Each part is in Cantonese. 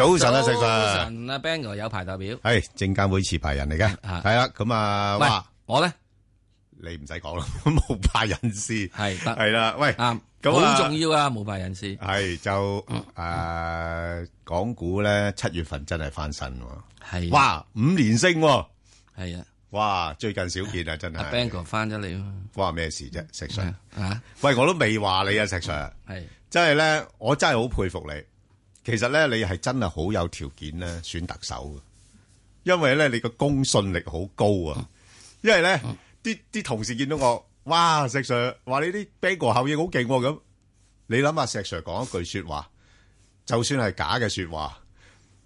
早晨啊，食 Sir。早晨啊，Bangor 有排代表。係證監會持牌人嚟嘅！係啦咁啊。唔係我咧，你唔使講咯，冇派人士。係係啦，喂，咁好重要啊，冇派人士！係就誒，港股咧七月份真係翻身喎。係哇，五連升。係啊，哇，最近少見啊，真係。Bangor 翻咗嚟啊嘛。咩事啫，食 Sir？吓？喂，我都未話你啊，石 Sir。係真係咧，我真係好佩服你。其實咧，你係真係好有條件咧選特首，因為咧你個公信力好高啊！嗯、因為咧，啲啲同事見到我，哇，石 Sir，話你啲 bagger 效應好勁咁，你諗下石 Sir 講一句說話，就算係假嘅說話，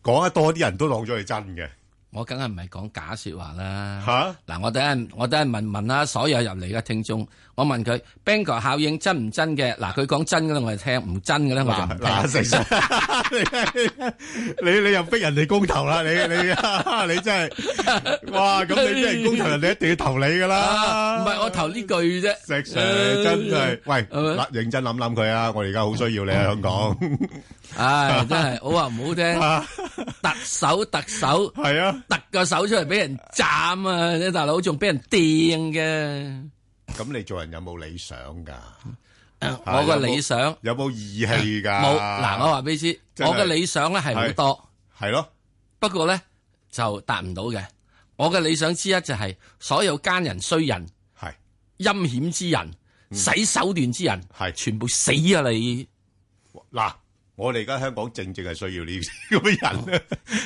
講得多啲人都當咗係真嘅。我梗係唔係講假說話啦。吓嗱、啊，我等陣我等陣問問啦，所有入嚟嘅聽眾。我問佢 Bangor 效應真唔真嘅？嗱，佢講真嘅咧，我哋聽；唔真嘅咧，我就唔聽。哈哈你你，你又逼人哋公投啦？你你你，你真係哇！咁你真係 公投，人哋一定要投你噶啦。唔係、啊、我投呢句啫。石 Sir 食真係，呃、喂，okay. 認真諗諗佢啊！我而家好需要你喺香港。唉、哎，啊、真係，我話唔好聽、啊，特首、啊、特首係啊，特個手出嚟俾人斬啊！你大佬仲俾人掟嘅。咁你做人有冇理想噶？我嘅理想有冇義氣噶？冇，嗱，我話俾你知，我嘅理想咧係好多，係咯。不過咧就達唔到嘅。我嘅理想之一就係、是、所有奸人、衰人、係陰險之人、使、嗯、手段之人，係是全部死啊！你嗱。我哋而家香港正正係需要呢啲咁嘅人啦，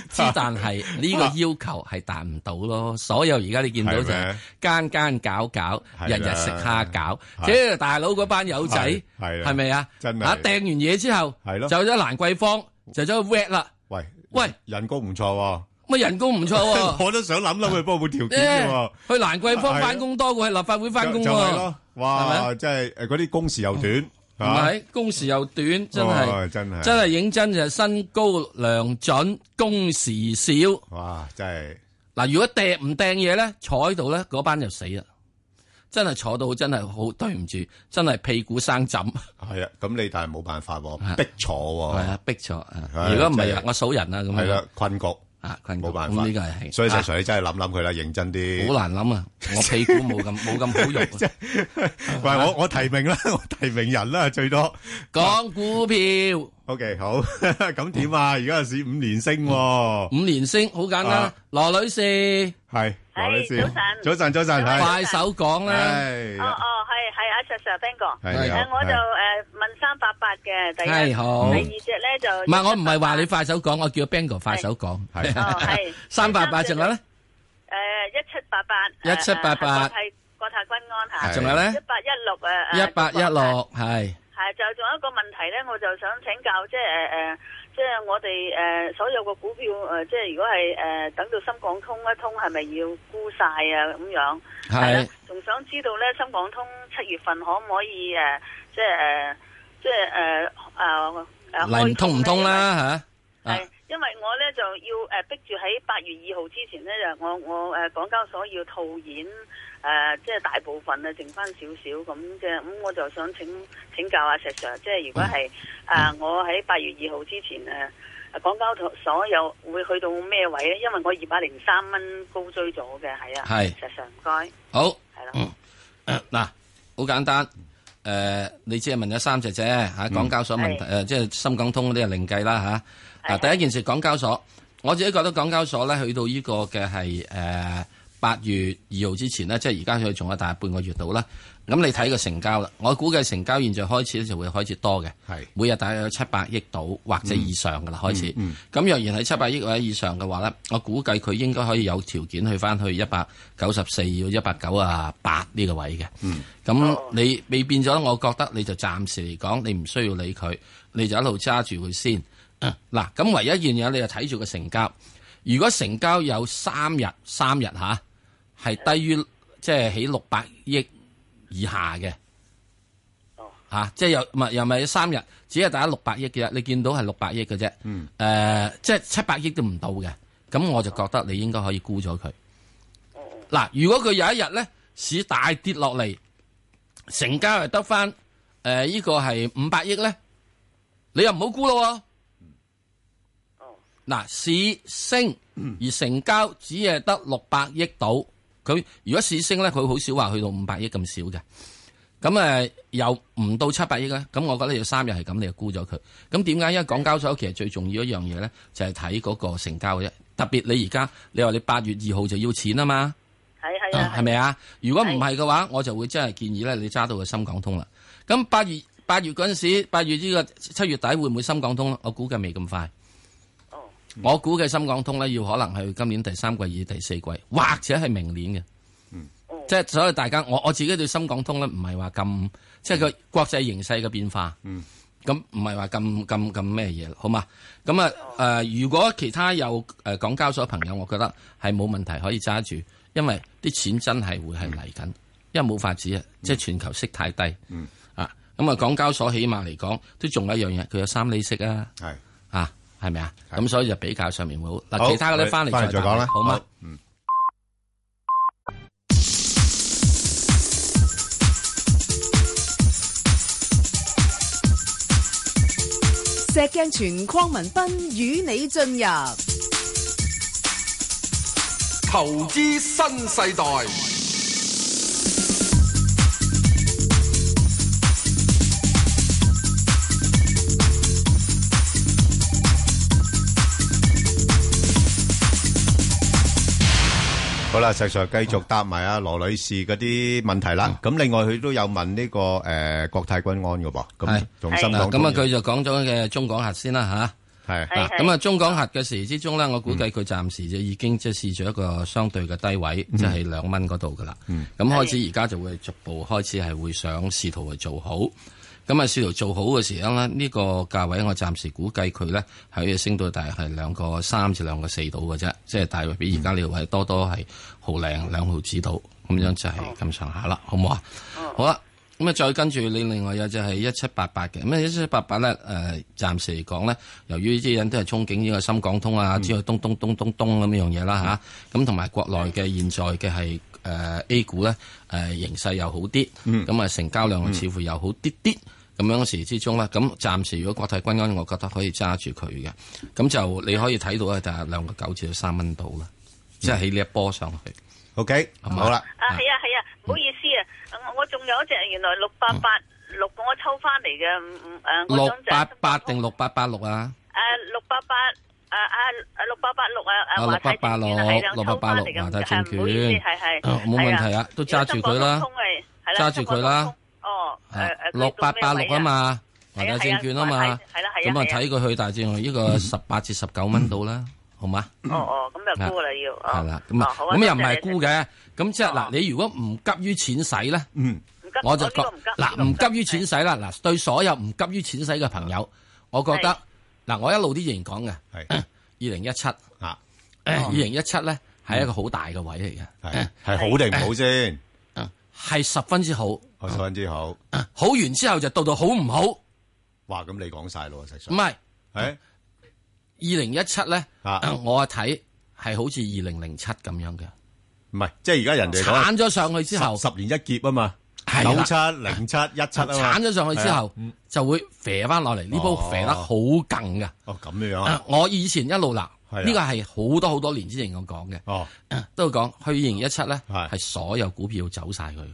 之但係呢個要求係達唔到咯。所有而家你見到就係間間搞搞，日日食蝦餃，即大佬嗰班友仔係咪啊？真係啊！掟完嘢之後，就咗蘭桂坊，就咗 wet 啦。喂喂，人工唔錯喎，人工唔錯喎？我都想諗諗去立法會條件去蘭桂坊翻工多過去立法會翻工啊！哇，即係誒，嗰啲工時又短。唔係、啊，工時又短，真係、哦，真係認真就係身高量準，工時少。哇，真係。嗱，如果掟唔掟嘢咧，坐喺度咧，嗰班就死啦。真係坐到真係好，對唔住，真係屁股生枕。係啊，咁你但係冇辦法喎，逼坐喎、啊。係啊，逼坐。如果唔係，我數人啊，咁。係啦，困局。啊，冇辦法，咁呢個係係，所以實際上你真係諗諗佢啦，啊、認真啲，好難諗啊，我屁股冇咁冇咁好用、啊，唔係、 啊、喂、我我提名啦，我提名人啦，最多講股票。 O K，好咁點啊？而家市五連升，五連升好簡單。羅女士係，係早晨，早晨，早晨，快手講啦。哦哦，係係阿 Sir Sir，bingo，我就誒問三八八嘅第一，第二隻咧就唔係，我唔係話你快手講，我叫 bingo 快手講係啊，三八八仲有咧？誒一七八八一七八八係國泰君安吓，仲有咧一八一六誒一八一六係。係，就仲有一個問題咧，我就想請教，即係誒誒，即係我哋誒、呃、所有個股票誒、呃，即係如果係誒、呃、等到深港通一通，係咪要沽晒啊咁樣？係啦的，仲想知道咧，深港通七月份可唔可以誒？即係誒、呃，即係誒、呃、啊！嚟通唔通啦嚇、啊。係的。啊。因為我咧就要誒逼住喺八月二號之前咧就我我誒港交所要套現誒即係大部分啊剩翻少少咁嘅咁我就想請請教阿石 Sir 即係如果係啊、呃、我喺八月二號之前咧港交所又會去到咩位咧？因為我二百零三蚊高追咗嘅係啊係石 Sir 唔該好係啦嗱好簡單誒、呃、你只係問咗三隻啫吓港交所問題誒即係深港通嗰啲啊另計啦吓。嗱，第一件事，港交所我自己覺得港交所咧，去到呢個嘅係誒八月二號之前咧，即係而家去仲有大半個月到啦。咁你睇個成交啦，我估計成交現在開始咧就會開始多嘅，是每日大約有七百億到或者以上噶啦、嗯、開始。咁、嗯嗯、若然喺七百億位以上嘅話咧，嗯、我估計佢應該可以有條件去翻去一百九十四到一百九啊八呢個位嘅。咁、嗯、你未、哦、變咗，我覺得你就暫時嚟講，你唔需要理佢，你就一路揸住佢先。嗱，咁、嗯、唯一一樣嘢，你就睇住個成交。如果成交有三日，三日吓係低於即係起六百億以下嘅，吓、啊，即係又唔係又係三日，只係大家六百億嘅，你見到係六百億嘅啫。誒、嗯呃，即係七百億都唔到嘅，咁我就覺得你應該可以估咗佢。嗱、啊，如果佢有一日咧市大跌落嚟，成交又得翻誒呢個係五百億咧，你又唔好估咯。嗱，市升，而成交只係得六百億度。佢如果市升咧，佢好少話去到五百億咁少嘅。咁誒、呃，又唔到七百億咧。咁我覺得要三日係咁，你就沽咗佢。咁點解？因為港交所其實最重要一樣嘢咧，就係睇嗰個成交嘅。特別你而家，你話你八月二號就要錢啊嘛。係係係，係咪啊？如果唔係嘅話，是我就會真係建議咧，你揸到個深港通啦。咁八月八月嗰陣時，八月呢、這個七月底會唔會深港通？我估計未咁快。我估嘅深港通咧，要可能係今年第三季以第四季，或者係明年嘅。嗯，即係所以大家我我自己對深港通咧，唔係話咁，即係個國際形勢嘅變化。嗯，咁唔係話咁咁咁咩嘢好嘛？咁啊誒，如果其他有誒港交所朋友，我覺得係冇問題可以揸住，因為啲錢真係會係嚟緊，因為冇法子啊，即係全球息太低。嗯，啊，咁啊港交所起碼嚟講都仲有一樣嘢，佢有三厘息啊。係。係咪啊？咁的所以就比較上面會好嗱，好其他嘅啲翻嚟再講啦，好嘛？嗯。石鏡泉鄺文斌與你進入投資新世代。好啦，石 Sir 繼續答埋阿羅女士嗰啲問題啦。咁、哦、另外佢都有問呢、這個誒、呃、國泰君安噶噃。咁重新咁啊，佢就講咗嘅中港核先啦吓。係，咁啊中港核嘅時之中呢，我估計佢暫時就已經即係試咗一個相對嘅低位，即係兩蚊嗰度噶啦。咁開始而家就會逐步開始係會想試圖去做好。咁啊，市道、嗯嗯、做好嘅時 i 呢，呢、這個價位我暫時估計佢呢，係要升到大係兩、就是、個三至兩個四度嘅啫，即係大比而家呢度位多多係好零兩毫指度咁樣就係咁上下啦，好唔好啊？好啦，咁啊再跟住你另外有隻係一七八八嘅，咁一七八八呢，誒、呃、暫時嚟講呢，由於啲人都係憧憬呢個深港通啊，嗯、之類東東東東東咁樣嘢啦吓，咁同埋國內嘅現在嘅係誒 A 股呢，誒、呃、形勢又好啲，咁啊成交量似乎又好啲啲。咁樣時之中咧，咁暫時如果國泰君安，我覺得可以揸住佢嘅，咁就你可以睇到啊，就係兩個九字到三蚊到啦，即係起呢一波上去。OK，好啦。啊，係啊，係啊，唔好意思啊，我仲有一隻，原來六八八六，我抽翻嚟嘅，誒六八八定六八八六啊？誒六八八誒啊六八八六啊！六八八六，六八八六，華泰證券，係係，冇問題啊，都揸住佢啦，揸住佢啦。哦，六八八六啊嘛，或者證券啊嘛，係啦係，咁我睇佢去大志用呢個十八至十九蚊度啦，好嘛？哦，咁又沽啦要，係啦，咁啊，咁又唔係沽嘅，咁即係嗱，你如果唔急於錢使咧，嗯，我就覺嗱唔急於錢使啦，嗱對所有唔急於錢使嘅朋友，我覺得嗱我一路啲嘢講嘅，係二零一七嚇，二零一七咧係一個好大嘅位嚟嘅，係係好定唔好先？係十分之好，十分之好。好完之後就到到好唔好？哇！咁你講晒咯，實數。唔係，係二零一七咧，我一睇係好似二零零七咁樣嘅。唔係，即係而家人哋鏟咗上去之後，十年一劫啊嘛。係九七零七一七啦，鏟咗上去之後就會肥翻落嚟，呢煲肥得好勁噶。哦，咁樣啊！我以前一路嗱。呢個係好多好多年之前我講嘅，都講去二零一七咧，係所有股票走晒佢，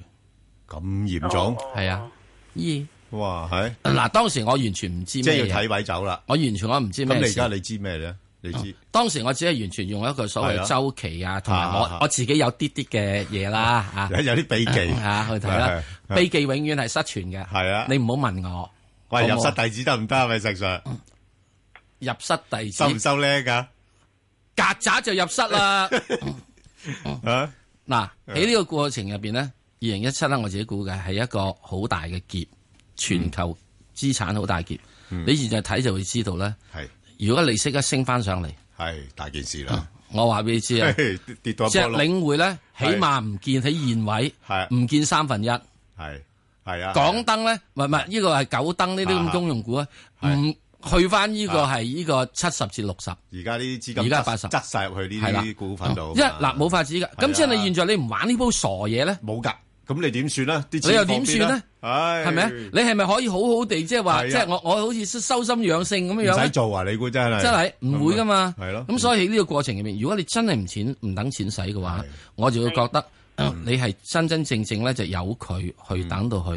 咁嚴重係啊？咦？哇，係嗱，當時我完全唔知咩嘢，即要睇位走啦。我完全我唔知咩嘢事。咁你而家你知咩咧？你知當時我只係完全用一個所謂週期啊，同埋我我自己有啲啲嘅嘢啦啊，有啲秘技啊去睇啦。秘技永遠係失傳嘅，係啊，你唔好問我。我入室弟子得唔得啊？咪實上？入室弟子收唔收叻噶？曱甴就入室啦！嗱、 啊，喺呢、啊、個過程入邊咧，二零一七咧，我自己估計係一個好大嘅劫，全球資產好大劫。嗯、你現在睇就會知道咧。係、嗯、如果利息一升翻上嚟，係大件事啦、啊。我話俾你知啊， 跌跌到即係領匯咧，起碼唔見喺是現位，係唔見三分一，係係啊。港燈咧，唔係，呢個係九燈呢啲咁公用股啊，唔。去翻呢個係呢個七十至六十，而家呢啲資金而家八十，執晒入去呢啲股份度。一嗱冇法子噶，咁即係你現在你唔玩呢煲傻嘢咧？冇噶，咁你點算呢？啲錢你又點算呢？係咪啊？你係咪可以好好地即係話，即係我我好似修心養性咁樣樣？唔使做啊！你估真係真係唔會噶嘛？係咯。咁所以喺呢個過程入面，如果你真係唔錢唔等錢使嘅話，我就會覺得。嗯、你係真真正正咧就由佢去等到去，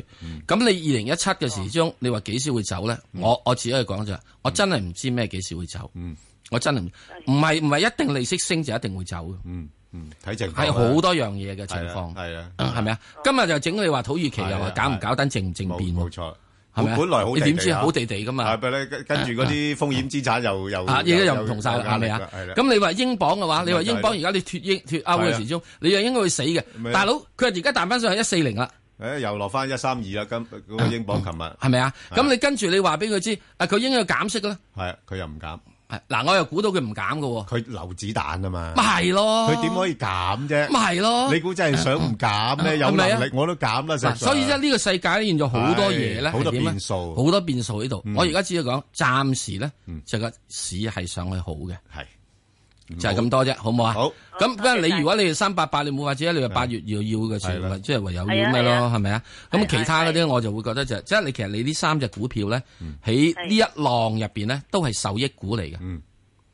咁、嗯、你二零一七嘅時鐘，你話幾時會走咧、嗯？我我只可以講就，我真係唔知咩幾時會走。嗯，我真係唔唔係唔係一定利息升就一定會走。嗯嗯，睇淨係好多樣嘢嘅情況。係啊、嗯，係咪啊？今日就整你話土耳其又話搞唔搞單政政變喎？冇錯。本來好地地，好地地噶嘛。啊，俾你跟住嗰啲風險資產又又啊，而家又唔同晒啦，係咪啊？係啦。咁你話英鎊嘅話，你話英鎊而家你脱英脱歐嘅時鐘，你又應該會死嘅。大佬，佢而家彈翻上去一四零啦。誒，又落翻一三二啦，今嗰個英鎊琴日。係咪啊？咁你跟住你話俾佢知，啊，佢應該要減息啦。咧。係啊，佢又唔減。係嗱，我又估到佢唔減嘅，佢留子彈啊嘛，咪係咯，佢點可以減啫？咪係咯，你估真係想唔減咧？有能力我都減啦。所以而家呢個世界咧，現在好多嘢咧，係點咧？好多變數，好多變數喺度。我而家只係講，暫時咧，成個市係上去好嘅，係。就係咁多啫，好唔好啊？好。咁不過你如果你係三八八，你冇或者你係八月要要嘅時候，即係唯有要咩咯？係咪啊？咁其他嗰啲我就會覺得就即係你其實你呢三隻股票咧，喺呢一浪入邊咧都係受益股嚟嘅。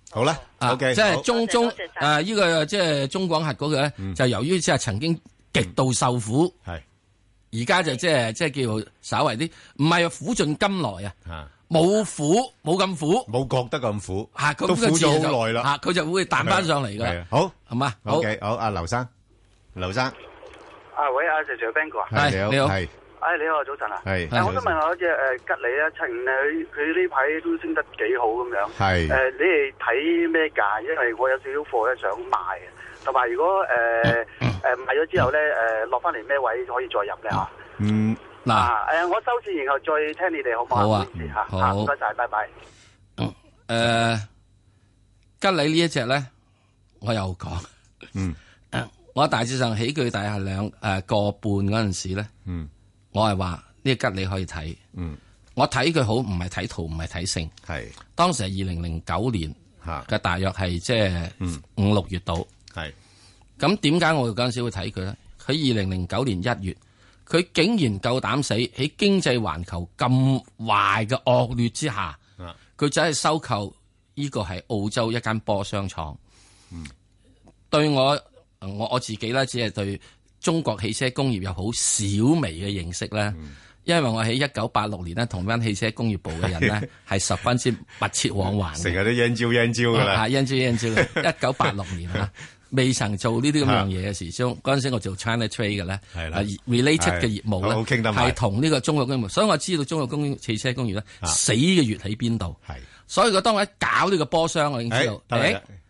好啦，即係中中誒，呢個即係中廣核嗰個咧，就由於即係曾經極度受苦，係而家就即係即係叫稍微啲，唔係苦盡甘來啊。冇苦，冇咁苦，冇覺得咁苦，吓咁都苦咗好耐啦，吓佢就會彈翻上嚟噶。好，係嘛，好，好，阿劉生，劉生，阿喂，阿 s i r s i r 你好，係，哎，你好，早晨啊，係，我想問下，隻誒吉利啊，趁佢呢排都升得幾好咁樣，係，誒，你哋睇咩價？因為我有少少貨咧想賣，同埋如果誒誒賣咗之後咧，誒落翻嚟咩位可以再入咧吓？嗯。嗱，誒，我收市然後再聽你哋好唔好啊？好啊，好唔該晒，拜拜。誒，吉利呢一隻咧，我又講，嗯，我大致上起佢大係兩誒個半嗰陣時咧，嗯，我係話呢吉利可以睇，嗯，我睇佢好唔係睇圖，唔係睇性，係，當時係二零零九年吓，佢大約係即係五六月度，係，咁點解我嗰陣時會睇佢咧？佢二零零九年一月。佢竟然夠膽死喺經濟環球咁壞嘅惡劣之下，佢就係收購呢個係澳洲一間波箱廠。對我我我自己咧，只係對中國汽車工業有好小微嘅認識咧，因為我喺一九八六年呢同班汽車工業部嘅人咧係十分之密切往還。成日 都應招應招㗎啦，應招應招。一九八六年啊。未曾做呢啲咁樣嘢嘅時候，嗰陣時我做 China Trade 嘅咧，係啦，relate 嘅業務咧，係同呢個中國公務，所以我知道中國公汽車工業咧死嘅月喺邊度。係，所以我當我一搞呢個波箱，我已經知道。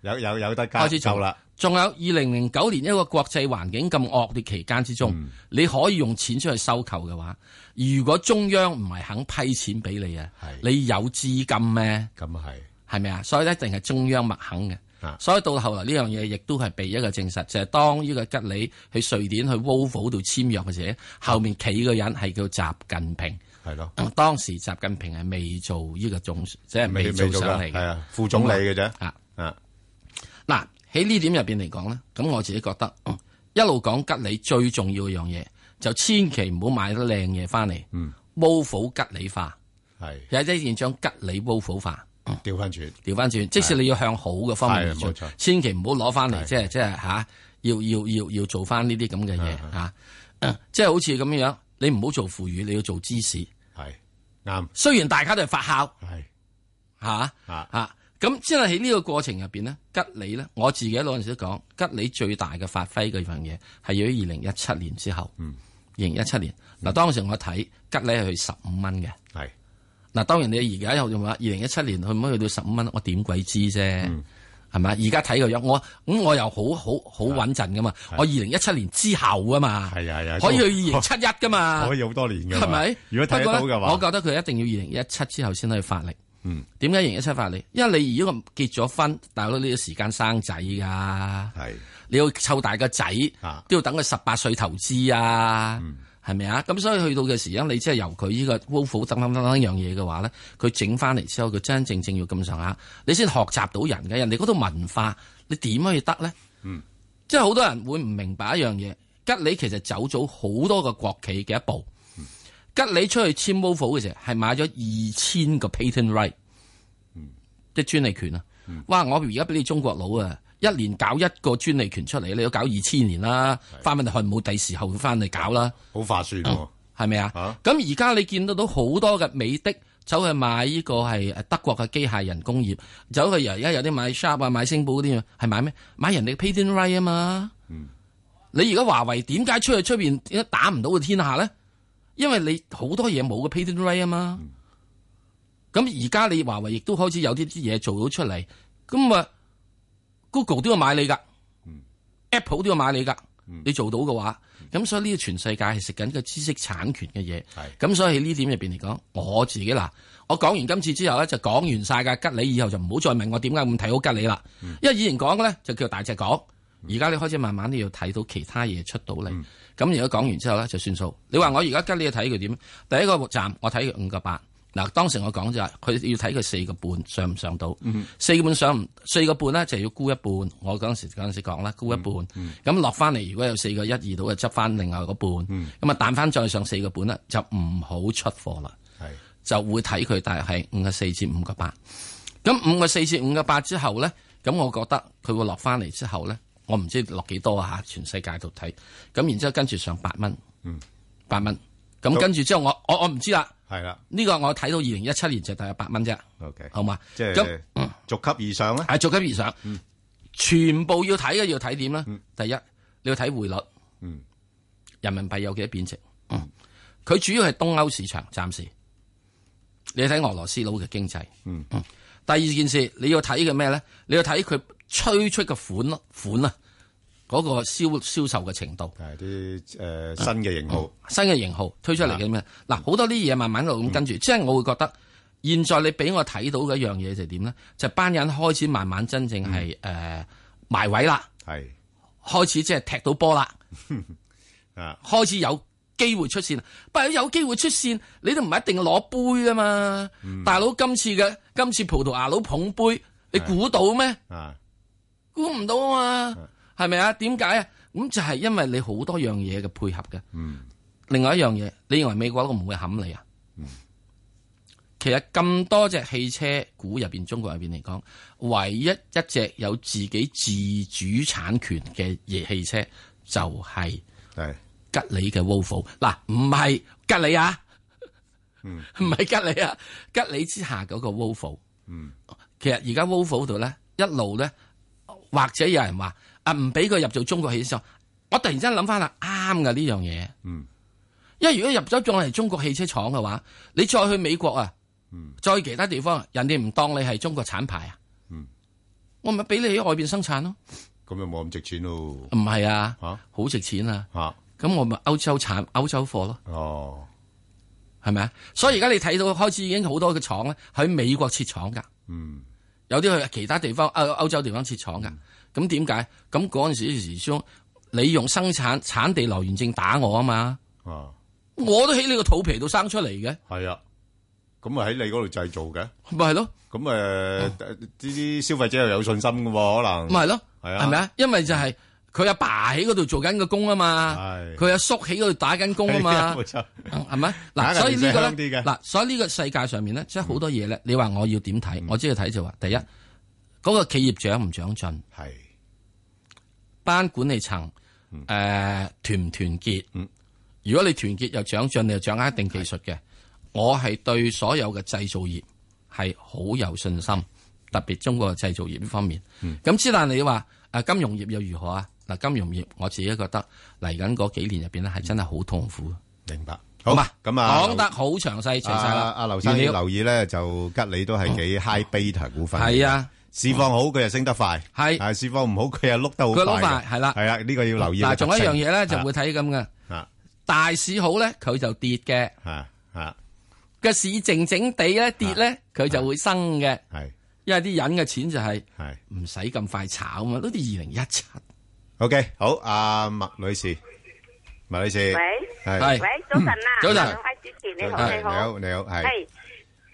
有有有得搞。開始做啦，仲有二零零九年一個國際環境咁惡劣期間之中，你可以用錢出去收購嘅話，如果中央唔係肯批錢俾你啊，你有資金咩？咁啊係，係咪啊？所以一定係中央唔肯嘅。所以到後來呢樣嘢亦都係被一個證實，就係、是、當呢個吉利去瑞典去 Volvo 度簽約嘅時，後面企個人係叫習近平，係咯的、嗯。當時習近平係未做呢個總，的即係未做上嚟，係啊，副總理嘅啫。嗯、啊嗱喺呢點入邊嚟講呢？咁我自己覺得、嗯、一路講吉利最重要嘅樣嘢，就千祈唔好買得靚嘢翻嚟。Volvo 吉利化係有啲現將吉利 Volvo 化。的調翻轉，調翻轉，即使你要向好嘅方面做，千祈唔好攞翻嚟，即係即係吓，要要要要做翻呢啲咁嘅嘢吓，即係好似咁樣樣，你唔好做腐乳，你要做芝士，係啱。雖然大家都係發酵，係吓吓，咁即係喺呢個過程入邊咧，吉利呢，我自己嗰陣時都講，吉利最大嘅發揮嘅樣嘢係要喺二零一七年之後，嗯，二零一七年嗱，當時我睇吉利係去十五蚊嘅。嗱，當然你而家又用話？二零一七年去唔去到十五蚊？我點鬼知啫？係咪、嗯？而家睇個樣，我咁我又好好好穩陣噶嘛？啊、我二零一七年之後啊嘛，係啊係啊，啊可以去二零七一噶嘛？我可以好多年噶，係咪吧？如果睇得到嘅話，我覺得佢一定要二零一七之後先可以發力。嗯，點解二零一七發力？因為你如果結咗婚，大佬呢個時間生仔㗎，係、啊、你要湊大個仔，都要等佢十八歲投資啊。嗯係咪啊？咁所以去到嘅時 i，你即係由佢呢、這個 w o v f u 等等等等樣嘢嘅話咧，佢整翻嚟之後，佢真真正正要咁上下，你先學習到人嘅人哋嗰度文化，你點可以得咧？嗯，即係好多人會唔明白一樣嘢，吉利其實走咗好多個國企嘅一步。嗯、吉利出去簽 w o v f u 嘅時候，係買咗二千個 patent right，即係、嗯、專利權啊！嗯、哇！我而家俾你中國佬啊！一年搞一個專利權出嚟，你都搞二千年啦，翻去冇第時候佢翻嚟搞啦，好划算喎，係咪、嗯、啊？咁而家你見得到好多嘅美的走去買呢個係德國嘅機械人工業，走去而家有啲買 Sharp 啊買星寶嗰啲啊，係買咩？買人哋嘅 Patent Right 啊嘛。嗯、你而家華為點解出去出邊打唔到個天下咧？因為你好多嘢冇個 Patent Right 啊嘛。咁而家你華為亦都開始有啲啲嘢做到出嚟，咁啊。Google 都要買你噶、嗯、，Apple 都要買你噶，嗯、你做到嘅話，咁、嗯、所以呢個全世界係食緊個知識產權嘅嘢，咁是所以喺呢點入邊嚟講，我自己嗱，我講完今次之後咧就講完晒噶，吉利以後就唔好再問我點解咁睇好吉利啦，嗯、因為以前講嘅咧就叫大隻講，而家你開始慢慢都要睇到其他嘢出到嚟，咁、嗯、如果講完之後咧就算數，你話我而家吉利去睇佢點？第一個站我睇佢五個八。嗱，當時我講就係佢要睇佢四個半上唔上到，嗯、四個半上唔四個半呢，就要沽一半。我嗰陣時嗰陣時講啦沽一半，咁落翻嚟如果有四個一二到嘅執翻另外嗰半，咁啊彈翻再上四個半呢，就唔好出貨啦，是就會睇佢大約係五個四至五個八，咁五個四至五個八之後呢，咁我覺得佢會落翻嚟之後呢，我唔知落幾多啊！全世界度睇，咁然之後跟住上八蚊，八蚊，咁跟住之後我我我唔知啦。係啦，呢個我睇到二零一七年就大約八蚊啫。OK，好嘛，即係逐級而上咧。係逐級而上，嗯、全部要睇嘅要睇點咧？嗯、第一你要睇匯率，嗯、人民幣有幾多貶值？嗯，佢主要係東歐市場暫時，你睇俄羅斯佬嘅經濟。嗯，嗯第二件事你要睇嘅咩咧？你要睇佢吹出嘅款咯，款啊！嗰個銷銷售嘅程度，係啲誒新嘅型號，啊嗯、新嘅型號推出嚟嘅咩？嗱，好多啲嘢慢慢一路咁跟住，嗯、即係我會覺得，現在你俾我睇到嘅一樣嘢就點咧？就班、是、人開始慢慢真正係誒埋位啦，係的開始即係踢到波啦，啊的開始有機會出線，不過有機會出線，你都唔一定攞杯㗎嘛，嗯、大佬今次嘅今次葡萄牙佬捧杯，你估到咩？估唔到啊嘛！係咪啊？點解啊？咁、嗯、就係、是、因為你好多樣嘢嘅配合嘅。嗯。另外一樣嘢，你認為美國一個唔會冚你啊？嗯。其實咁多隻汽車股入邊，中國入邊嚟講，唯一一隻有自己自主產權嘅嘢汽車就係吉利嘅 Volvo。嗱、啊，唔係吉利啊，唔 係吉利啊，吉利之下嗰個 Volvo。嗯。其實而家 Volvo 度咧，一路咧，或者有人話。啊！唔俾佢入做中國汽車廠，我突然之間諗翻啦，啱㗎呢樣嘢。嗯，因為如果入咗做嚟中國汽車廠嘅話，你再去美國啊，嗯、再去其他地方，人哋唔當你係中國產牌啊。嗯，我咪俾你喺外邊生產咯。咁又冇咁值錢咯。唔係啊，好、啊、值錢啊。啊，咁我咪歐洲產歐洲貨咯。哦，係咪啊？所以而家你睇到開始已經好多嘅廠咧喺美國設廠噶。嗯，有啲去其他地方歐歐洲地方設廠噶。嗯咁點解？咁嗰陣時啲時裝，你用生產產地來源證打我啊嘛！啊！我都喺你個肚皮度生出嚟嘅。係啊，咁咪喺你嗰度製造嘅。咪係咯。咁誒，呢啲消費者又有信心噶喎，可能。咪係咯。係啊。係咪啊？因為就係佢阿爸喺嗰度做緊個工啊嘛。係。佢阿叔喺嗰度打緊工啊嘛。冇錯。係咪？嗱，所以呢個咧，嗱，所以呢個世界上面咧，即係好多嘢咧。你話我要點睇？我只要睇就話，第一，嗰個企業長唔長進。係。班管理層，誒、呃、團唔團結？嗯、如果你團結又長進，你又掌握一定技術嘅，我係對所有嘅製造業係好有信心，特別中國嘅製造業呢方面。咁之、嗯、但你話誒、啊、金融業又如何啊？嗱，金融業我自己覺得嚟緊嗰幾年入邊咧係真係好痛苦。明白，好嘛？咁啊、嗯，講得好詳細，詳細啦。阿、呃呃、劉少留意咧，就吉利都係幾 high beta 股份，哦。係啊、哦。釋放好佢又升得快，係係釋放唔好佢又碌得好快，係啦，係啦，呢個要留意。嗱，仲有一樣嘢咧，就會睇咁嘅，大市好咧佢就跌嘅，吓吓，個市靜靜地咧跌咧佢就會升嘅，係，因為啲人嘅錢就係，係唔使咁快炒啊嘛，好似二零一七。OK，好，阿麥女士，麥女士，喂，係，喂，早晨啊，早晨，阿主持你好，你好，你好，係。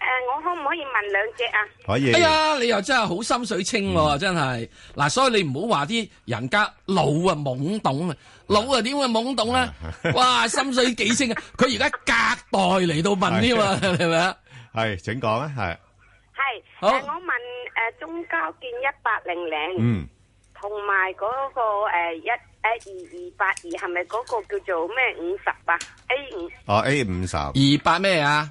誒，我可唔可以問兩隻啊？可以。哎呀，你又真係好心水清，真係。嗱，所以你唔好話啲人家老啊懵懂啊，老啊點會懵懂咧？哇，心水幾清啊！佢而家隔代嚟到問添啊，係咪啊？係，請講啊，係。係，我問誒中交建一八零零，嗯，同埋嗰個誒一誒二二八二係咪嗰個叫做咩五十啊 A 五？哦 A 五十二八咩啊？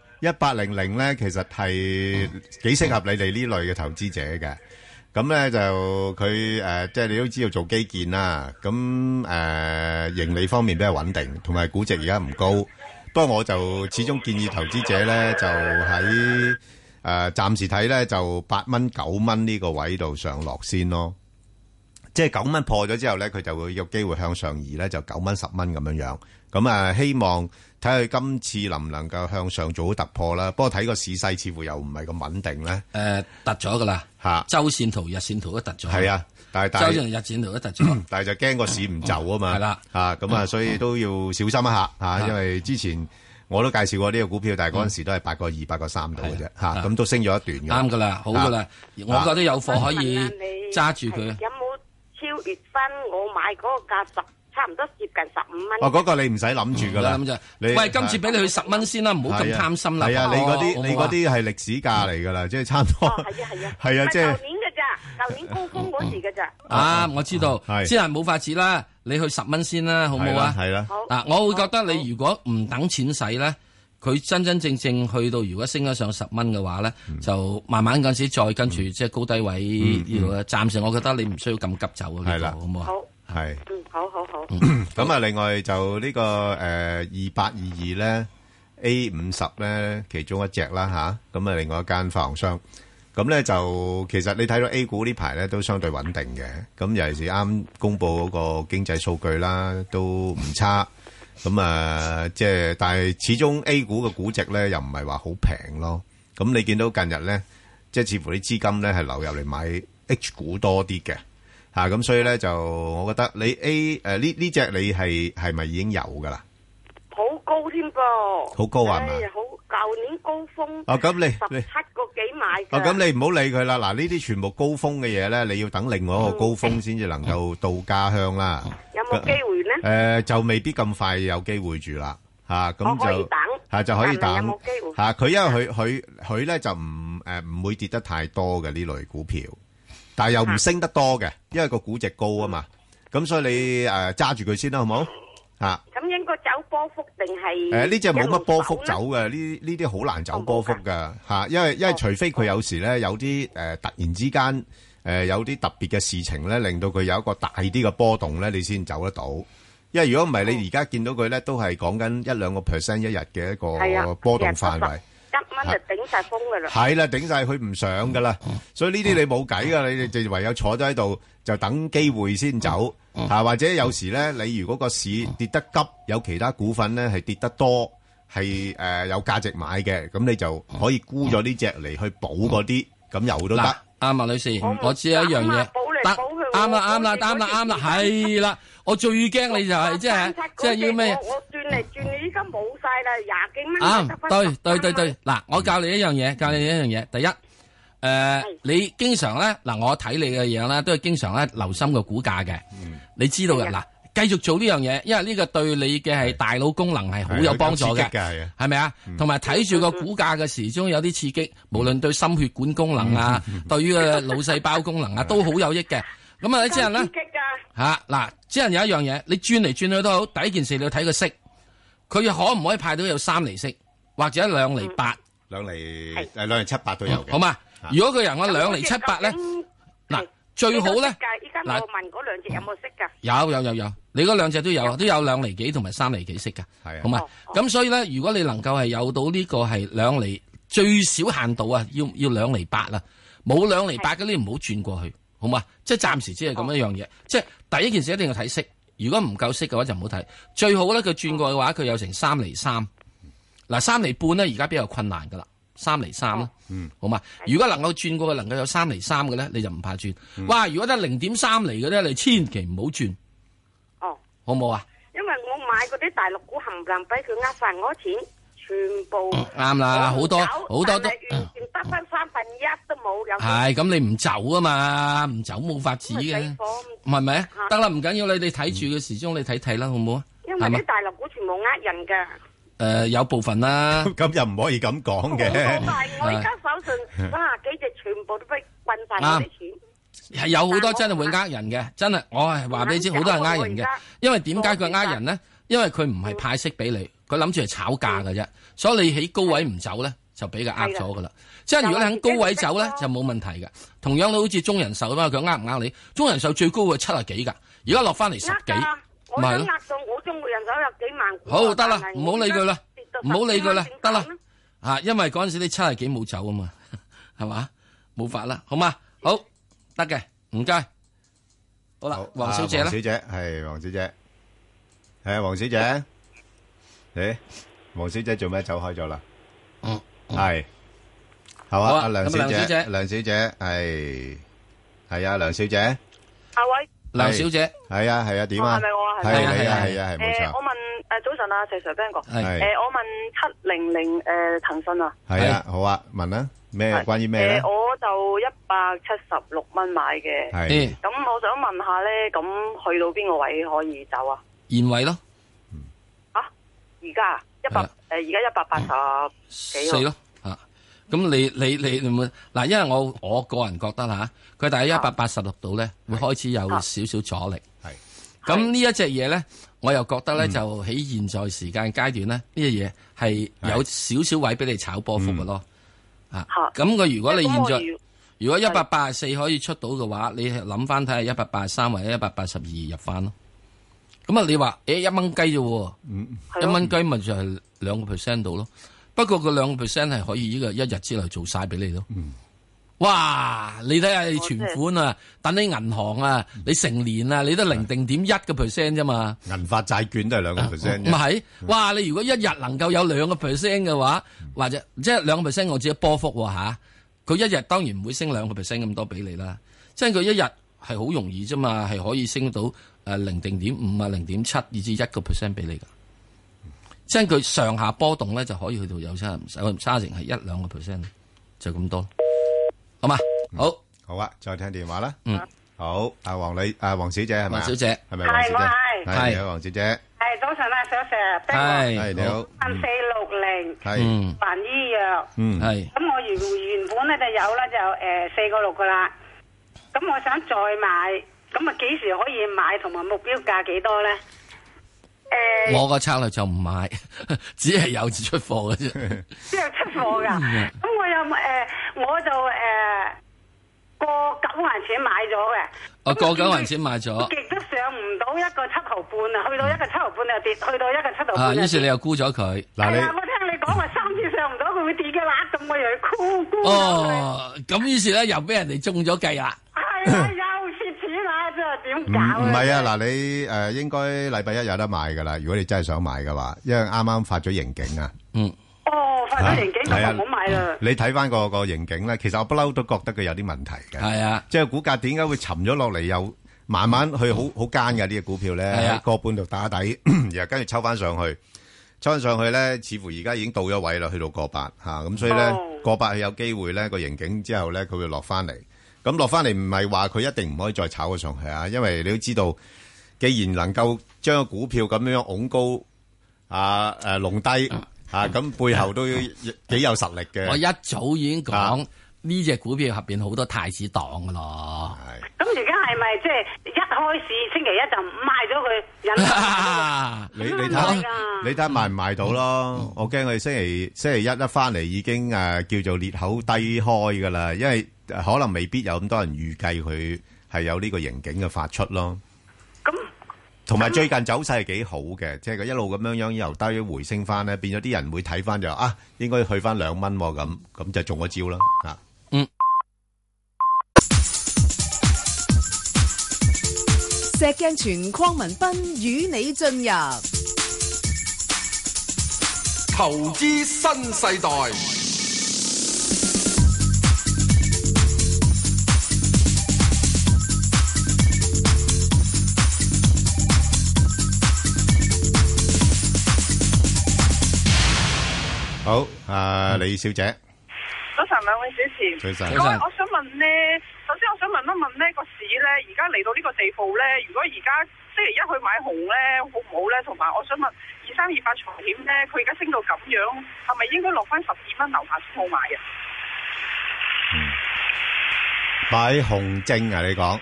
一八零零咧，00, 其實係幾適合你哋呢類嘅投資者嘅。咁咧就佢誒，即係、呃就是、你都知道做基建啦。咁誒、呃，盈利方面比較穩定，同埋估值而家唔高。不過我就始終建議投資者咧，就喺誒、呃、暫時睇咧，就八蚊九蚊呢個位度上落先咯。即係九蚊破咗之後咧，佢就會有機會向上移咧，就九蚊十蚊咁樣樣。咁啊，希望睇佢今次能唔能夠向上做好突破啦。不過睇個市勢，似乎又唔係咁穩定咧。誒、呃，突咗噶啦，吓、啊、周線圖、日線圖都突咗。係啊，但係周線圖、日線圖都突咗，但係就驚個市唔走啊嘛。係啦、嗯，吓、嗯、咁、嗯嗯、啊，所以都要小心一下吓，因為之前我都介紹過呢個股票，但係嗰陣時都係八個二、八個三度嘅啫。吓咁都升咗一段。啱噶啦，好噶啦，啊、我覺得有貨可以揸住佢。超越分，我買嗰個價十，差唔多接近十五蚊。哦，嗰個你唔使諗住噶啦，咁就，你，喂，今次俾你去十蚊先啦，唔好咁貪心啦。係啊，你嗰啲，你嗰啲係歷史價嚟噶啦，即係差唔多。係啊，係啊，係啊，即係。舊年嘅咋，舊年高峰嗰時嘅咋。啊，我知道，即係冇法子啦，你去十蚊先啦，好唔好啊？係啦，好。嗱，我會覺得你如果唔等錢使咧。佢真真正，正正去到，如果升得上十蚊嘅話咧，嗯、就慢慢嗰陣時再跟住、嗯、即係高低位。嗯嗯、暫時我覺得你唔需要咁急走啊，係啦、嗯，好唔好好，係，嗯，好好好。咁啊，另外就、呢個呃、20，呢個誒二八二二咧，A 五十咧，其中一隻啦吓，咁啊、嗯，另外一間發行商。咁咧就其實你睇到 A 股呢排咧都相對穩定嘅。咁尤其是啱公布嗰個經濟數據啦，都唔差。咁啊，即係，但係始終 A 股嘅估值咧，又唔係話好平咯。咁你見到近日咧，即係似乎啲資金咧係流入嚟買 H 股多啲嘅，吓咁所以咧就我覺得你 A 誒呢呢隻你係係咪已經有噶啦？好高添噃！好高係嘛？好，舊年高峰。啊咁你你七個幾買？啊咁你唔好理佢啦，嗱呢啲全部高峰嘅嘢咧，你要等另外一個高峰先至能夠到家鄉啦。有冇機會？誒、呃，就未必咁快有機會住啦，嚇、啊、咁就嚇、啊、就可以等嚇佢、啊啊，因為佢佢佢咧就唔誒唔會跌得太多嘅呢類股票，但係又唔升得多嘅，啊、因為個估值高啊嘛，咁、嗯、所以你誒揸住佢先啦，好冇嚇？咁應該走波幅定係？誒呢、嗯、隻冇乜波幅走嘅，呢呢啲好難走波幅㗎嚇，嗯嗯、因為因為除非佢有時咧有啲誒、呃、突然之間誒、呃、有啲特別嘅事情咧，令到佢有一個大啲嘅波動咧，你先走得到。因為如果唔係，你而家見到佢咧，都係講緊一兩個 percent 一日嘅一個波動範圍。一蚊就頂曬風嘅啦。係啦，頂曬佢唔上嘅啦。所以呢啲你冇計㗎，你哋就唯有坐咗喺度就等機會先走。嚇，或者有時咧，你如果個市跌得急，有其他股份咧係跌得多，係誒有價值買嘅，咁你就可以沽咗呢隻嚟去補嗰啲，咁又都得。阿麥女士，我知有一樣嘢。啱啦，啱啦，啱啦，啱啦，係啦！我最驚你就係即係，即係要咩啊？我轉嚟轉你，依家冇晒啦，廿幾蚊。啊，對對對對，嗱，我教你一樣嘢，教你一樣嘢。第一，誒，你經常咧嗱，我睇你嘅嘢咧，都係經常咧留心個股價嘅。你知道嘅嗱，繼續做呢樣嘢，因為呢個對你嘅係大腦功能係好有幫助嘅，係咪啊？同埋睇住個股價嘅時，中有啲刺激，無論對心血管功能啊，對於個腦細胞功能啊，都好有益嘅。咁啊！你啲人咧嚇嗱，啲人有一樣嘢，你轉嚟轉去都好，第一件事你要睇佢色，佢可唔可以派到有三厘色，或者兩厘八、兩厘兩厘七八都有嘅，好嘛？如果一個人我兩厘七八咧，嗱最好咧，依家我問嗰兩隻有冇色噶？有有有有，你嗰兩隻都有，都有兩厘幾同埋三厘幾色噶，係好嘛？咁所以咧，如果你能夠係有到呢個係兩厘最少限度啊，要要兩厘八啦，冇兩厘八嗰啲唔好轉過去。好嘛？即係暫時只係咁樣一樣嘢。哦、即係第一件事一定要睇息，如果唔夠息嘅話就唔好睇。最好咧佢轉過去嘅話佢有成三厘三、嗯嗯、三厘三。嗱，三厘半咧而家比較困難噶啦，三厘三啦。哦、嗎嗯，好嘛、嗯？如果能夠轉過去，能夠有三厘三嘅咧，你就唔怕轉。哇！如果得零點三厘嘅咧，你千祈唔好轉。哦，好唔好啊？因為我買嗰啲大陸股行，冚唪唥俾佢呃晒我錢。全部啱啦，好多好多都，但係完全得翻，三分一都冇有。係咁，你唔走啊嘛？唔走冇法子嘅，係咪啊？得啦，唔緊要，你哋睇住嘅時鐘，你睇睇啦，好唔好啊？因為啲大陸股全部呃人嘅。誒，有部分啦，咁又唔可以咁講嘅。我而家手上嗱幾隻全部都俾運晒嗰啲錢，係有好多真係會呃人嘅，真係。我係話俾你知，好多係呃人嘅，因為點解佢呃人呢？因為佢唔係派息俾你。佢諗住係炒價噶啫，所以你喺高位唔走咧，就俾佢呃咗噶啦。即係如果你喺高位走咧，就冇問題噶。同樣你好似中人壽咁啊，佢呃唔呃你？中人壽最高啊七啊幾噶，而家落翻嚟十幾，唔係咯？我想呃到我中人壽有幾萬股，好得啦，唔好理佢啦，唔好理佢啦，得啦啊，因為嗰陣時你七啊幾冇走啊嘛，係嘛？冇法啦，好嘛？好得嘅，唔該。好啦，黃小姐咧。小姐係黃小姐，係啊，黃小姐。誒，黃小姐做咩走開咗啦？嗯，係，好啊，阿梁小姐，梁小姐係，係啊，梁小姐，阿偉，梁小姐，係啊，係啊，點啊？係咪我啊？係啊，係啊，係啊，係冇錯。誒，我問誒，早晨啊，謝 Sir，Ben 哥，係，誒，我問七零零誒，騰訊啊，係啊，好啊，問啦，咩？關於咩啊？誒，我就一百七十六蚊買嘅，係，咁我想問下咧，咁去到邊個位可以走啊？現位咯。而家一百，誒而家一百八十幾咯，嚇！咁、啊、你你你唔會嗱？因為我我個人覺得嚇，佢大概一百八十六度咧，啊、會開始有少少阻力，係。咁呢一隻嘢咧，我又覺得咧，的就喺現在時間階段咧，呢隻嘢係有少少位俾你炒波幅嘅咯，嚇的。咁佢、啊、如果你現在如果一百八十四可以出到嘅話，的你諗翻睇下一百八十三或者一百八十二入翻咯。咁、嗯嗯、啊！你話誒一蚊雞啫，一蚊雞咪就係兩個 percent 度咯。嗯、不過佢兩個 percent 係可以呢個一日之內做晒俾你咯。嗯、哇！你睇下你存款啊，是等你銀行啊，你成年啊，你都零定點一個 percent 啫嘛。銀髮債券都係兩個 percent。唔係、嗯，哇！你如果一日能夠有兩個 percent 嘅話，嗯、或者即係兩個 percent，我知有波幅吓、啊。佢、啊、一日當然唔會升兩個 percent 咁多俾你啦。即係佢一日係好容易啫嘛，係可以升到。誒，零零點五啊，零點七，以至一個 percent 俾你噶，即係佢上下波動咧就可以去到有差，差成係一兩個 percent，就咁多。好嘛？好好啊，再聽電話啦。嗯，好。阿黃李，阿黃小姐係咪？黃小姐係咪黃小姐？係，係黃小姐。係早上啊，小姐，係你好，四六零，係，環醫藥，嗯係。咁我原原本咧就有啦，就誒四個六噶啦，咁我想再買。咁啊，幾時可以買？同埋目標價幾多咧？誒，我個策略就唔買，只係有時出貨嘅啫。都有出貨噶，咁我又誒，我就誒過九蚊錢買咗嘅。哦，過九蚊錢買咗，極都上唔到一個七毫半啊！去到一個七毫半又跌，去到一個七毫半。啊，於是你又沽咗佢嗱？你我聽你講話三次上唔到，佢會跌嘅啦，咁我又要沽沽咗。哦，咁於是咧又俾人哋中咗計啦。係啊，又。點搞啊？唔係啊，嗱，你誒，應該禮拜一有得買噶啦。如果你真係想買嘅話，因為啱啱發咗盈警啊。嗯。哦，發咗盈警就唔好買啦。你睇翻個個盈警咧，其實我不嬲都覺得佢有啲問題嘅。係啊。即係股價點解會沉咗落嚟，又慢慢去好好奸嘅呢隻股票咧？喺個半度打底，然後跟住抽翻上去，抽翻上去咧，似乎而家已經到咗位啦，去到個八吓。咁所以咧，個八係有機會咧，個盈警之後咧，佢會落翻嚟。咁落翻嚟唔係話佢一定唔可以再炒嘅上去啊！因為你都知道，既然能夠將股票咁樣拱高，啊誒隆、啊、低嚇，咁背後都要幾有實力嘅。我一早已經講呢隻股票入邊好多太子黨噶咯。咁而家係咪即係一開始星期一就賣咗佢引？啊、你你睇，你睇下賣唔賣到咯？嗯嗯、我驚佢星期星期一一翻嚟已經誒叫做裂口低開噶啦，因為，可能未必有咁多人預計佢係有呢個盈警嘅發出咯。咁同埋最近走勢係幾好嘅，即係佢一路咁樣樣又低咗回升翻咧，變咗啲人會睇翻就啊，應該去翻兩蚊咁，咁就中咗招啦啊！嗯，石鏡泉鄺文斌與你進入投資新世代。好，阿、呃嗯、李小姐，早晨，兩位主持。早晨便，早晨。各位，我想問咧，首先我想問一問呢個市咧，而家嚟到呢個地步咧，如果而家星期一去買紅咧，好唔好咧？同埋，我想問二三二八財險咧，佢而家升到咁樣，係咪應該落翻十二蚊樓下先好買、嗯、啊？買紅證啊，你講。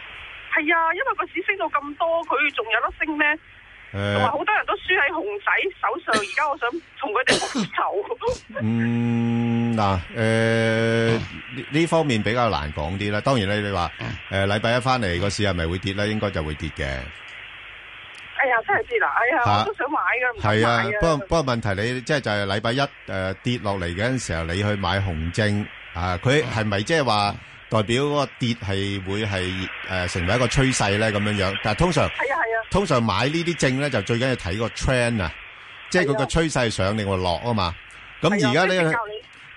係啊，因為個市升到咁多，佢仲有得升咩？同埋好多人都輸喺熊仔手上，而家我想同佢哋復仇。嗯，嗱，誒呢方面比較難講啲啦。當然咧，你話誒禮拜一翻嚟個市係咪會跌咧？應該就會跌嘅。哎呀，真係跌啦！哎呀，我都想買嘅，唔買啊。係啊，不過不過問題你即係就係禮拜一誒跌落嚟嗰陣時候，你去買紅證啊？佢係咪即係話代表嗰個跌係會係誒成為一個趨勢咧？咁樣樣，但係通常係啊係。通常買呢啲證咧，就最緊要睇個 Trend 啊，即係佢個趨勢上定會落啊嘛。咁而家呢，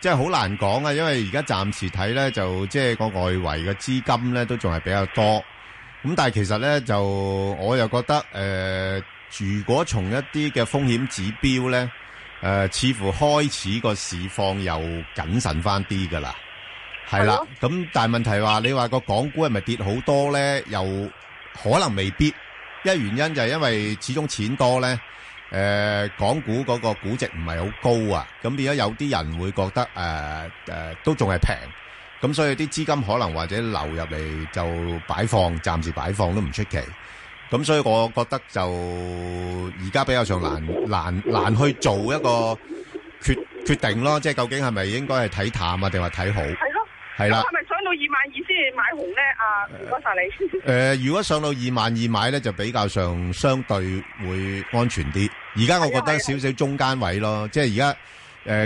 即係好難講啊，因為而家暫時睇咧，就即係、就是、個外圍嘅資金咧都仲係比較多。咁的、嗯、但係其實咧，就我又覺得誒、呃，如果從一啲嘅風險指標咧，誒、呃、似乎開始個市況又謹慎翻啲噶啦，係啦的。咁但係問題話，你話個港股係咪跌好多咧？又可能未必。一原因就係因為始終錢多咧，誒、呃、港股嗰個估值唔係好高啊，咁變咗有啲人會覺得誒誒、呃呃、都仲係平，咁所以啲資金可能或者流入嚟就擺放，暫時擺放都唔出奇。咁所以我覺得就而家比較上難難難去做一個決決定咯，即係究竟係咪應該係睇淡啊，定話睇好？係咯，係啦。買紅咧，阿、啊，多謝，謝你。誒、 呃呃，如果上到二萬二買咧，就比較上相對會安全啲。而家我覺得、啊啊、少少中間位咯，即係而家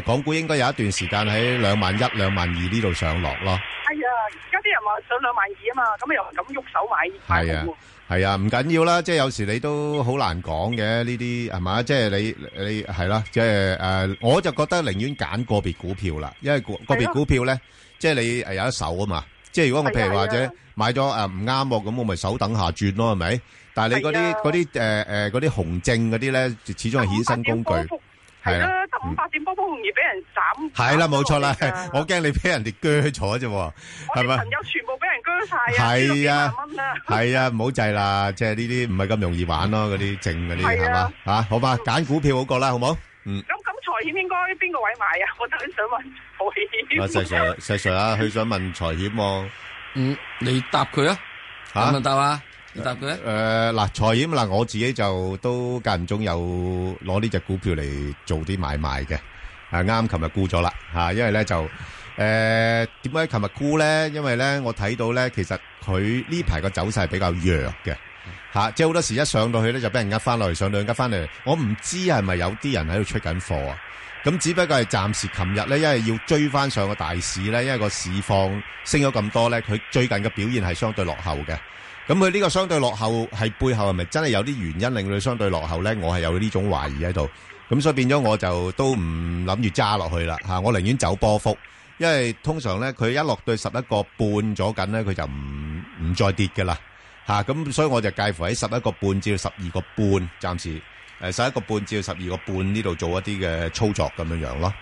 誒，港股應該有一段時間喺兩萬一、兩萬二呢度上落咯。係啊，而家啲人話上兩萬二啊嘛，咁又咁喐手買買紅？喎。係啊，係啊，唔緊要啦。即係有時你都好難講嘅呢啲係嘛？即係你你係咯、啊，即係誒、呃，我就覺得寧願揀個別股票啦，因為個個別股票咧，啊、即係你誒有一手啊嘛。即係如果我譬如或者買咗誒唔啱喎，咁我咪手等下轉咯，係咪？但係你嗰啲嗰啲誒誒嗰啲紅證嗰啲咧，始終係衍生工具。係啦，十五八點波波容易俾人斬。係啦，冇錯啦，我驚你俾人哋鋸咗啫，係咪？我朋友全部俾人鋸晒啊！係啊，係啊，唔好制啦，即係呢啲唔係咁容易玩咯，嗰啲證嗰啲係嘛？吓，好吧，揀股票好過啦，好冇？嗯。咁咁，財險應該邊個位買啊？我真係想問。阿 Sir，Sir 啊，佢，啊啊，想問財險喎。嗯，你答佢啊。肯定答啊，答佢啊。誒，啊，嗱，啊，財險嗱，我自己就都間唔中有攞呢隻股票嚟做啲買賣嘅。啊，啱，啊，琴日估咗啦，吓，啊，因為咧就誒，點解琴日沽咧？因為咧我睇到咧，其實佢呢排個走勢比較弱嘅，吓，啊，即係好多時一上到去咧就俾人壓翻落嚟，上兩壓翻嚟，我唔知係咪有啲人喺度出緊貨啊。咁只不過係暫時，琴日呢，因為要追翻上個大市呢，因為個市況升咗咁多呢，佢最近嘅表現係相對落後嘅。咁佢呢個相對落後係背後係咪真係有啲原因令佢相對落後呢？我係有呢種懷疑喺度。咁所以變咗我就都唔諗住揸落去啦嚇，我寧願走波幅，因為通常呢，佢一落對十一個半咗緊呢，佢就唔唔再跌㗎啦嚇。咁所以我就介乎喺十一個半至十二個半，暫時。誒，十、呃、一個半至到十二個半呢度做一啲嘅操作咁樣樣咯。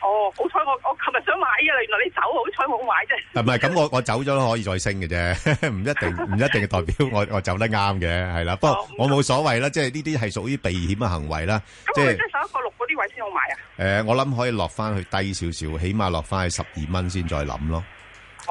哦，好彩我我琴日想買嘅啦，原來你走，好彩冇買啫。唔係咁，我 我走咗都可以再升嘅啫，唔 一定唔一定係代表我 我走得啱嘅，係啦。不過我冇所謂啦，即係呢啲係屬於避險嘅行為啦。咁係、嗯、即係十一個六嗰啲位先好買啊？誒、呃，我諗可以落翻去低少少，起碼落翻去十二蚊先再諗咯。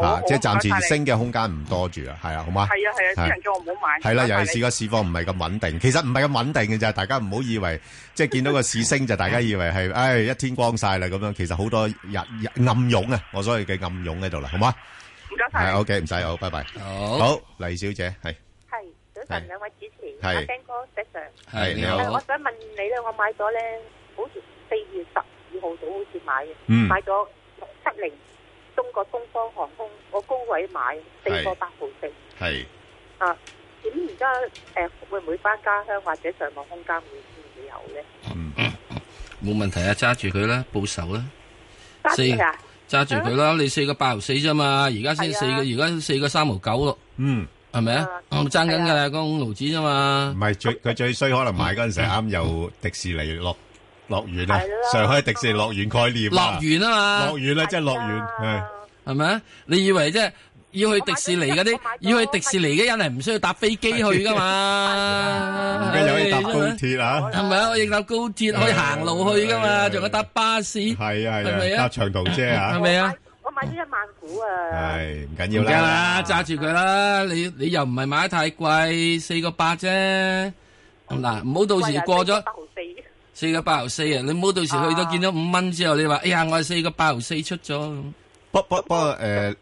啊！即係暫時升嘅空間唔多住啊，係啊，好嘛？係啊係啊，啲人叫我唔好買。係啦，尤其是個市況唔係咁穩定，其實唔係咁穩定嘅就係，大家唔好以為即係見到個市升就大家以為係，唉，一天光晒啦咁樣。其實好多日暗湧啊，我所謂嘅暗湧喺度啦，好嘛？唔該晒。係 OK，唔使好，拜拜。好，好黎小姐係。係早晨，兩位主持係，Ben 哥，Sir。係你好。我想問你咧，我買咗咧，好似四月十二號早好似買嘅，嗯，買咗六七零。中國東方航空，我高位買四個八毫四。係啊，咁而家誒會唔會翻家鄉或者上網空間會先有咧？嗯？嗯，冇問題啊，揸住佢啦，報仇啦，啊、四揸住佢啦，啊、你四個八毫四啫嘛，而家先四個，而家四個三毫九咯。嗯，係咪吧、嗯、啊？我爭緊噶啦，嗰五毫紙啫嘛。唔係最佢最衰，可能買嗰陣時啱又迪士尼咯。樂園啊，上海迪士尼樂園概念。樂園啊嘛，樂園咧即係樂園，係係咪啊？你以為即係要去迪士尼嗰啲，要去迪士尼嘅人係唔需要搭飛機去噶嘛？而家又可以搭高鐵啊？係咪啊？可以搭高鐵，可以行路去噶嘛？仲可以搭巴士？係啊係啊，搭長途車啊？係咪啊？我買咗一萬股啊！係唔緊要啦，揸住佢啦！你你又唔係買得太貴，四個八啫。嗱，唔好到時過咗。四個八毫四啊！你唔好到時去到見到五蚊之後，你話哎呀，我係四個八毫四出咗。不不不過誒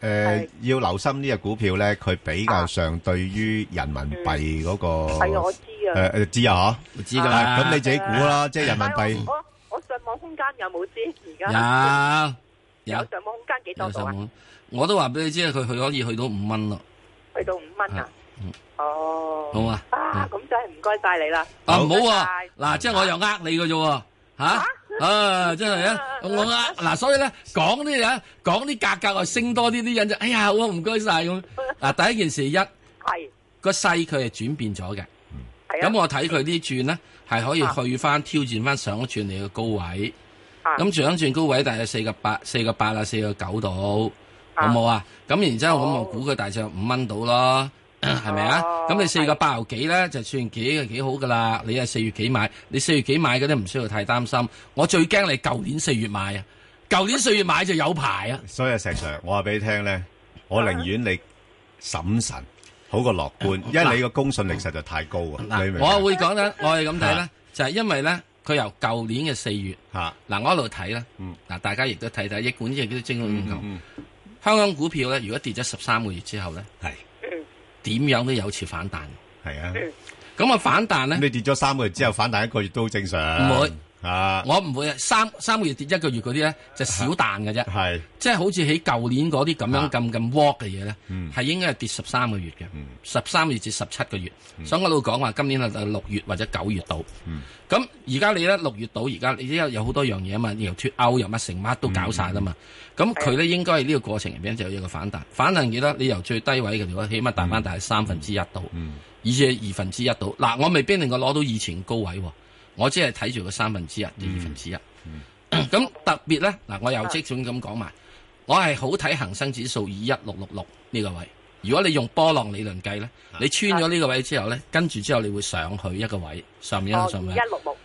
誒要留心呢隻股票咧，佢比較上對於人民幣嗰個係我知啊誒知啊我知噶啦，咁你自己估啦，即係人民幣。我我上網空間有冇知而家有有上網空間幾多度啊？我都話俾你知啊，佢佢可以去到五蚊咯，去到五蚊啊！哦，好啊！咁真係唔該晒你啦！唔好啊，嗱，即係我又呃你㗎啫，吓啊，真係啊，嗱，所以咧講啲啊，講啲價格啊，升多啲啲人就哎呀，我唔該晒咁。嗱，第一件事一係個勢佢係轉變咗嘅，咁我睇佢呢轉咧係可以去翻挑戰翻上一轉嚟嘅高位，咁上一轉高位大概四個八、四個八啊、四個九度，好唔好啊？咁然之後咁我估佢大概五蚊到咯。係咪啊？咁你四個八毫幾咧，就算幾幾好噶啦。你係四月幾買？你四月幾買嗰啲唔需要太擔心。我最驚你舊年四月買啊！舊年四月買就有排啊！所以石 Sir，我話俾你聽咧，我寧願你審慎，好過樂觀，因為你個公信力實在太高啊！我會講咧，我係咁睇咧，就係因為咧，佢由舊年嘅四月吓，嗱，我一路睇啦。嗯，嗱，大家亦都睇睇，億管啲嘢都精於研究。嗯，香港股票咧，如果跌咗十三個月之後咧，係。點樣都有次反彈，係啊！咁啊，反彈咧、嗯，你跌咗三個月之後反彈一個月都好正常。唔會。我唔會三三個月跌一個月嗰啲咧，就是、小彈嘅啫。係即係好似喺舊年嗰啲咁樣咁咁是 walk 嘅嘢咧，係、嗯、應該係跌十三個月嘅，十三個月至十七個月。嗯、所以我老講話今年六月或者九月到。咁而家你咧六月到，而家你依家有好多樣嘢啊嘛，由脱歐又乜成乜都搞晒啊嘛。咁佢咧應該係呢個過程入邊就有一個反彈。反彈而家你由最低位嘅，如果起碼大彈翻大三分之一度，以至二分之一度。嗱，我未必能夠攞到以前高位喎。啊我只係睇住個三分之一，二分之一。咁、嗯嗯、 特別咧，嗱，我有即種咁講埋，啊、我係好睇恒生指數二一六六六呢個位。如果你用波浪理論計咧，你穿咗呢個位之後咧，跟住之後你會上去一個位上面，一個上面，上面二一六六二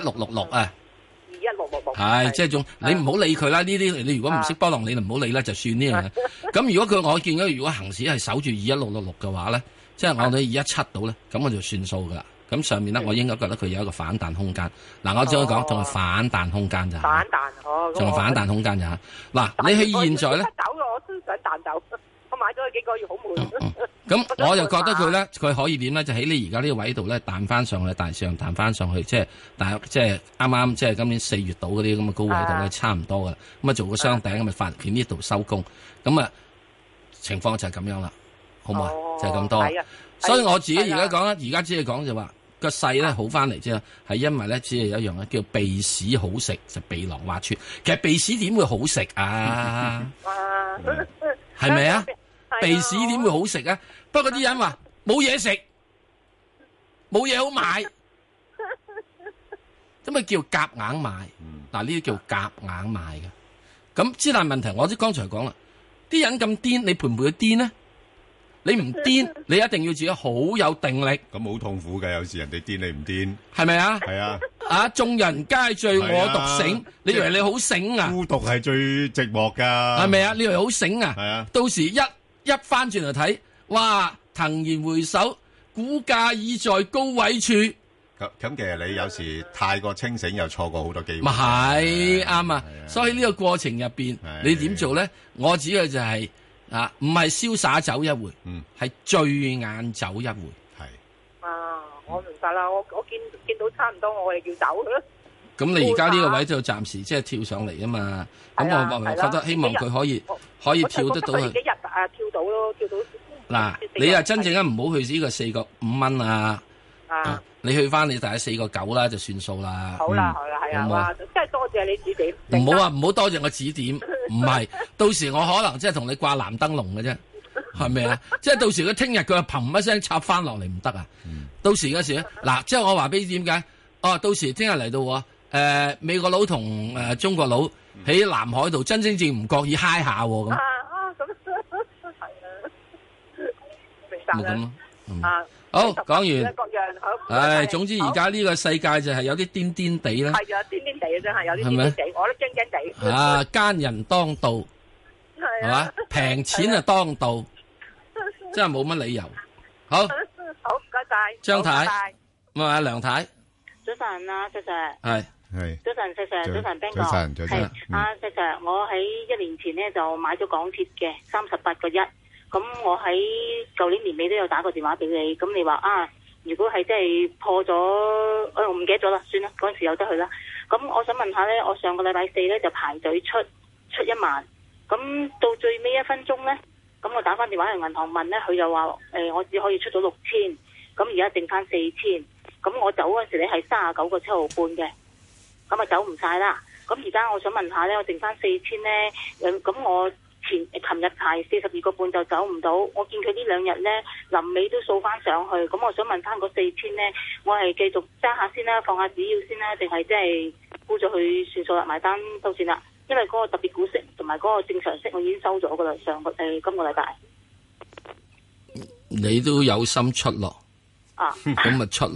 一六六六啊，二一六六六係即係仲，你唔好理佢啦。呢啲你如果唔識波浪理論，唔好理啦，就算呢樣嘢。咁、啊、 如果佢我見到如果恒指係守住二一六六六嘅話咧，即係我睇二一七到咧，咁我就算數噶。咁上面咧，我應該覺得佢有一個反彈空間。嗱，我再講，仲係反彈空間咋？反彈仲係反彈空間咋？嗱，你喺現在咧，我買咗幾個月好悶。咁我就覺得佢咧，佢可以點咧？就喺你而家呢個位度咧，彈翻上去，彈上彈翻上去，即係大即係啱啱即係今年四月到嗰啲咁嘅高位度咧，差唔多㗎。咁啊，做個雙頂咁咪發片呢度收工。咁啊，情況就係咁樣啦，好唔好？就係咁多。所以我自己而家講咧，而家只係講就話。個勢咧好翻嚟啫，係因為咧只係有一樣咧叫鼻屎好食，就鼻囊挖穿。其實鼻屎點會好食啊？係咪啊？鼻屎點會好食啊？不過啲人話冇嘢食，冇嘢好買，咁咪叫夾硬買。嗱，呢啲叫夾硬買嘅。咁之但問題，我啲剛才講啦，啲人咁癲，你陪唔陪佢癲咧？你唔癲，你一定要自己好有定力。咁好痛苦嘅，有時人哋癲，你唔癲，係咪啊？係啊！啊，眾人皆醉我獨醒。你以為你好醒啊？孤獨係最寂寞噶，係咪啊？你以為好醒啊？係啊！到時一一翻轉嚟睇，哇！驀然回首，股價已在高位處。咁咁，其實你有時太過清醒，又錯過好多機會。咪係啱啊！所以呢個過程入邊，你點做咧？我指嘅就係。啊，唔係瀟灑走一回，係醉眼走一回，係啊，我明白啦，我我見見到差唔多，我哋要走咯。咁你而家呢個位就暫時即係跳上嚟啊嘛，咁我我覺得希望佢可以可以跳得到。幾日啊跳到咯，跳到嗱，你啊真正啊唔好去呢個四個五蚊啊，你去翻你睇四個九啦就算數啦。好啦好啦，係啊，哇，真係多謝你指點。唔好啊唔好多謝我指點。唔係，到時我可能即係同你掛藍燈籠嘅啫，係咪 啊？即係、mm. 到時佢聽日佢啊嘭一聲插翻落嚟唔得啊！到時嗰時嗱，即係我話俾你點解？哦，到時聽日嚟到，誒，美國佬同誒、呃、中國佬喺南海度真真正唔覺意嗨下喎咁。啊咁，係、uh, uh, uh, 啊，明白啊！ 好，講完。唉，總之而家呢個世界就係有啲癲癲地啦。係啊，癲癲地啊，真係有啲癲癲地，我都驚驚地。啊，奸人當道，係嘛？平錢啊，當道，真係冇乜理由。好，好唔該晒。張太，唔係阿梁太。早晨啊，細 Sir。係係。早晨，細 Sir。早晨，Ben 哥。早晨，早晨。阿細 Sir，我喺一年前咧就買咗港鐵嘅三十八個一。咁我喺舊年年尾都有打過電話俾你，咁你話啊，如果係即係破咗，誒、哎、我唔記得咗啦，算啦，嗰陣時有得去啦。咁我想問下呢，我上個禮拜四呢就排隊出出一萬，咁到最尾一分鐘呢，咁我打翻電話去銀行問呢，佢就話誒、欸、我只可以出到六千，咁而家剩翻四千，咁我走嗰陣時你係三十九個七毫半嘅，咁啊走唔晒啦。咁而家我想問下呢，我剩翻四千呢。咁我。琴日係四十二個半就走唔到，我見佢呢兩日咧，臨尾都掃翻上去，咁我想問翻嗰四千咧，我係繼續揸下先啦，放下隻要先啦，定係即係沽咗佢算數啦，埋單都算啦，因為嗰個特別股息同埋嗰個正常息我已經收咗噶啦，上個誒、呃、今個禮拜。你都有心出咯，啊，咁 咪出咯，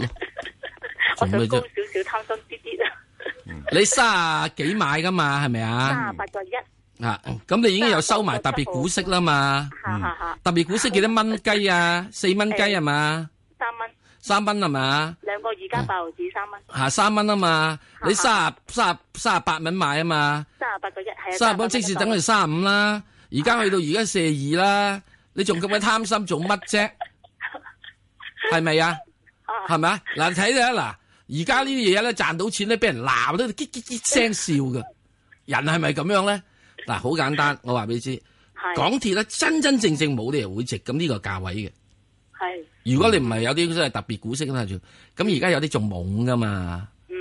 我想沽少少，貪心啲啲 啊，你卅幾買噶嘛，係咪啊？卅八再一。嗱，咁你已經又收埋特別股息啦嘛？特別股息幾多蚊雞啊？四蚊雞係嘛？三蚊。三蚊係嘛？兩個二加八毫子，三蚊。吓，三蚊啊嘛？你三啊三啊八蚊買啊嘛？三啊八個一係。三啊即時等佢三啊五啦。而家去到而家四二啦，你仲咁鬼貪心做乜啫？係咪啊？係咪啊？嗱，睇啦嗱，而家呢啲嘢咧賺到錢咧，俾人鬧到嘰嘰嘰聲笑噶，人係咪咁樣咧？嗱，好、啊、簡單，我話俾你知，是港鐵咧真真正正冇理由會值咁呢個價位嘅。係是。如果你唔係有啲真係特別股息啦，咁而家有啲仲懵噶嘛？嗯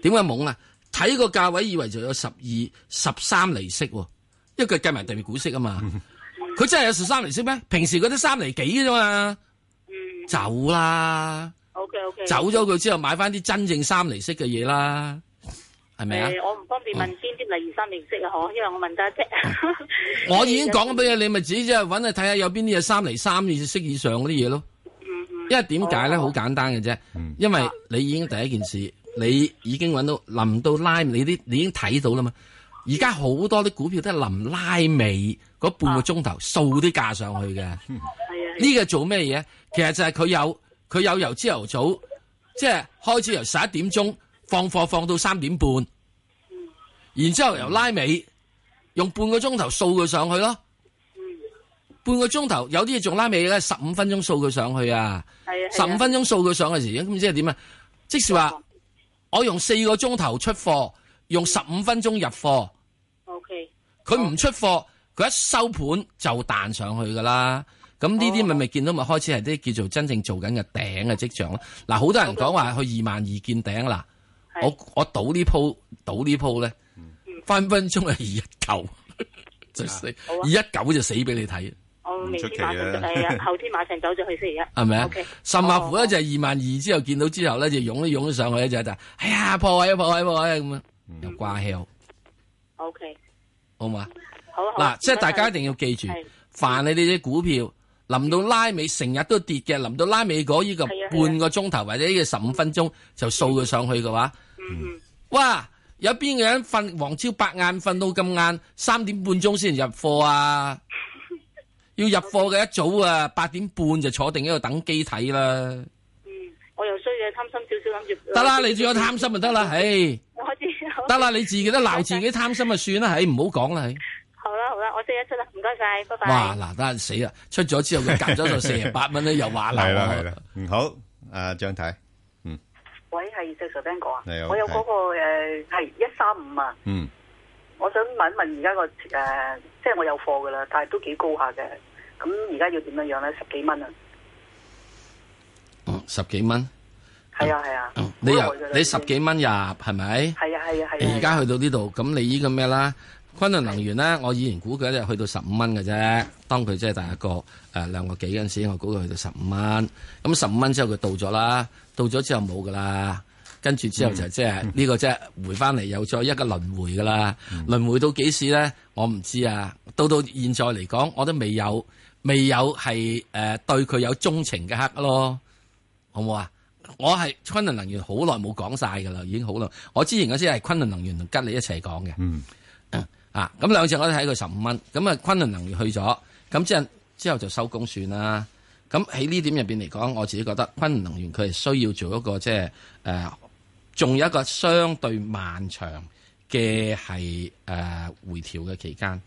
點解懵啊？睇、嗯、個、嗯、價位以為就有十二、十三厘息喎，因為計埋特別股息啊嘛。佢、嗯、真係有十三厘息咩？平時嗰啲三厘幾啫嘛。嗯、走啦。O K O K。走咗佢之後，買翻啲真正三厘息嘅嘢啦。係咪啊？我唔方便問邊啲例二三零息啊，嗬、嗯，因為我問得啫。我已經講咗俾你，你咪自己即係搵去睇下有邊啲嘢，三零三二息以上嗰啲嘢咯。嗯嗯、因為點解咧？好、哦、簡單嘅啫。嗯、因為你已經第一件事，你已經搵到臨到拉，你啲你已經睇到啦嘛。而家好多啲股票都係臨拉尾嗰半個鐘頭掃啲價上去嘅。係啊、嗯。呢、嗯、個做咩嘢？嗯、其實就係佢有佢有由朝頭早即係、就是、開始由十一點鐘。放貨放到三點半，然之後由拉尾，用半個鐘頭掃佢上去咯。半個鐘頭有啲嘢仲拉尾咧，十五分鐘掃佢上去啊！十五分鐘掃佢上去嘅時，咁即係點啊？即係話我用四個鐘頭出貨，用十五分鐘入貨。OK。佢唔出貨，佢一收盤就彈上去噶啦。咁呢啲咪咪見到咪開始係啲叫做真正，正做緊嘅頂嘅跡象咯。嗱，好多人講話去二萬二見頂啦。我我賭呢鋪賭呢鋪咧，分分鐘係二一九，就死二一九就死俾你睇，唔出奇啊，後天馬上走咗去星期一，係咪啊？深馬股咧就係二萬二，之後見到之後咧就湧一湧一上去咧就，哎呀破位啊破位破位咁樣，又掛靴。OK，好嘛？好嗱，即係大家一定要記住，凡你哋啲股票臨到拉尾成日都跌嘅，臨到拉尾嗰呢個半個鐘頭或者呢個十五分鐘就掃佢上去嘅話。嗯，哇！有邊個人瞓黃朝白晏瞓到咁晏，三點半鐘先入貨啊！要入貨嘅一早啊，八點半就坐定喺度等機睇啦。嗯，我又衰嘅，貪心少少，諗住得啦，你只要貪心就得啦，唉。開始得啦，你自己都鬧自己貪心就算啦，唉，唔好講啦，係。好啦好啦，我即刻出啦，唔該晒，拜拜。哇！嗱，得死啊！出咗之後佢夾咗就四十八蚊咧，又話流。係啦係啦，嗯好，阿張太。喂，係石 Sir Ben 哥啊！我有嗰個誒，係一三五啊！嗯，我想問一問而家個誒，即係我有貨噶啦，但係都幾高下嘅。咁而家要點樣樣咧？十幾蚊啊！嗯，十幾蚊？係啊，係啊！你入你十幾蚊入係咪？係啊，係啊，係啊！而家去到呢度，咁你依個咩啦？昆侖能源咧，我以前估計一日去到十五蚊嘅啫，當佢即係第一個誒兩個幾嗰陣時，我估計去到十五蚊。咁十五蚊之後佢到咗啦。到咗之後冇噶啦，跟住之後就即係呢個即、就、係、是、回翻嚟又再一個輪迴噶啦，嗯、輪迴到幾時咧？我唔知啊。到到現在嚟講，我都未有未有係誒、呃、對佢有鍾情嘅刻咯，好唔好啊？我係昆侖能源好耐冇講晒噶啦，已經好耐。我之前嗰次係昆侖能源同吉利一齊講嘅，嗯、啊咁兩隻我都睇佢十五蚊。咁啊昆侖能源去咗，咁之後之後就收工算啦。咁喺呢點入邊嚟講，我自己覺得昆能源佢係需要做一個即係誒，仲、呃、有一個相對漫長嘅係誒回調嘅期間。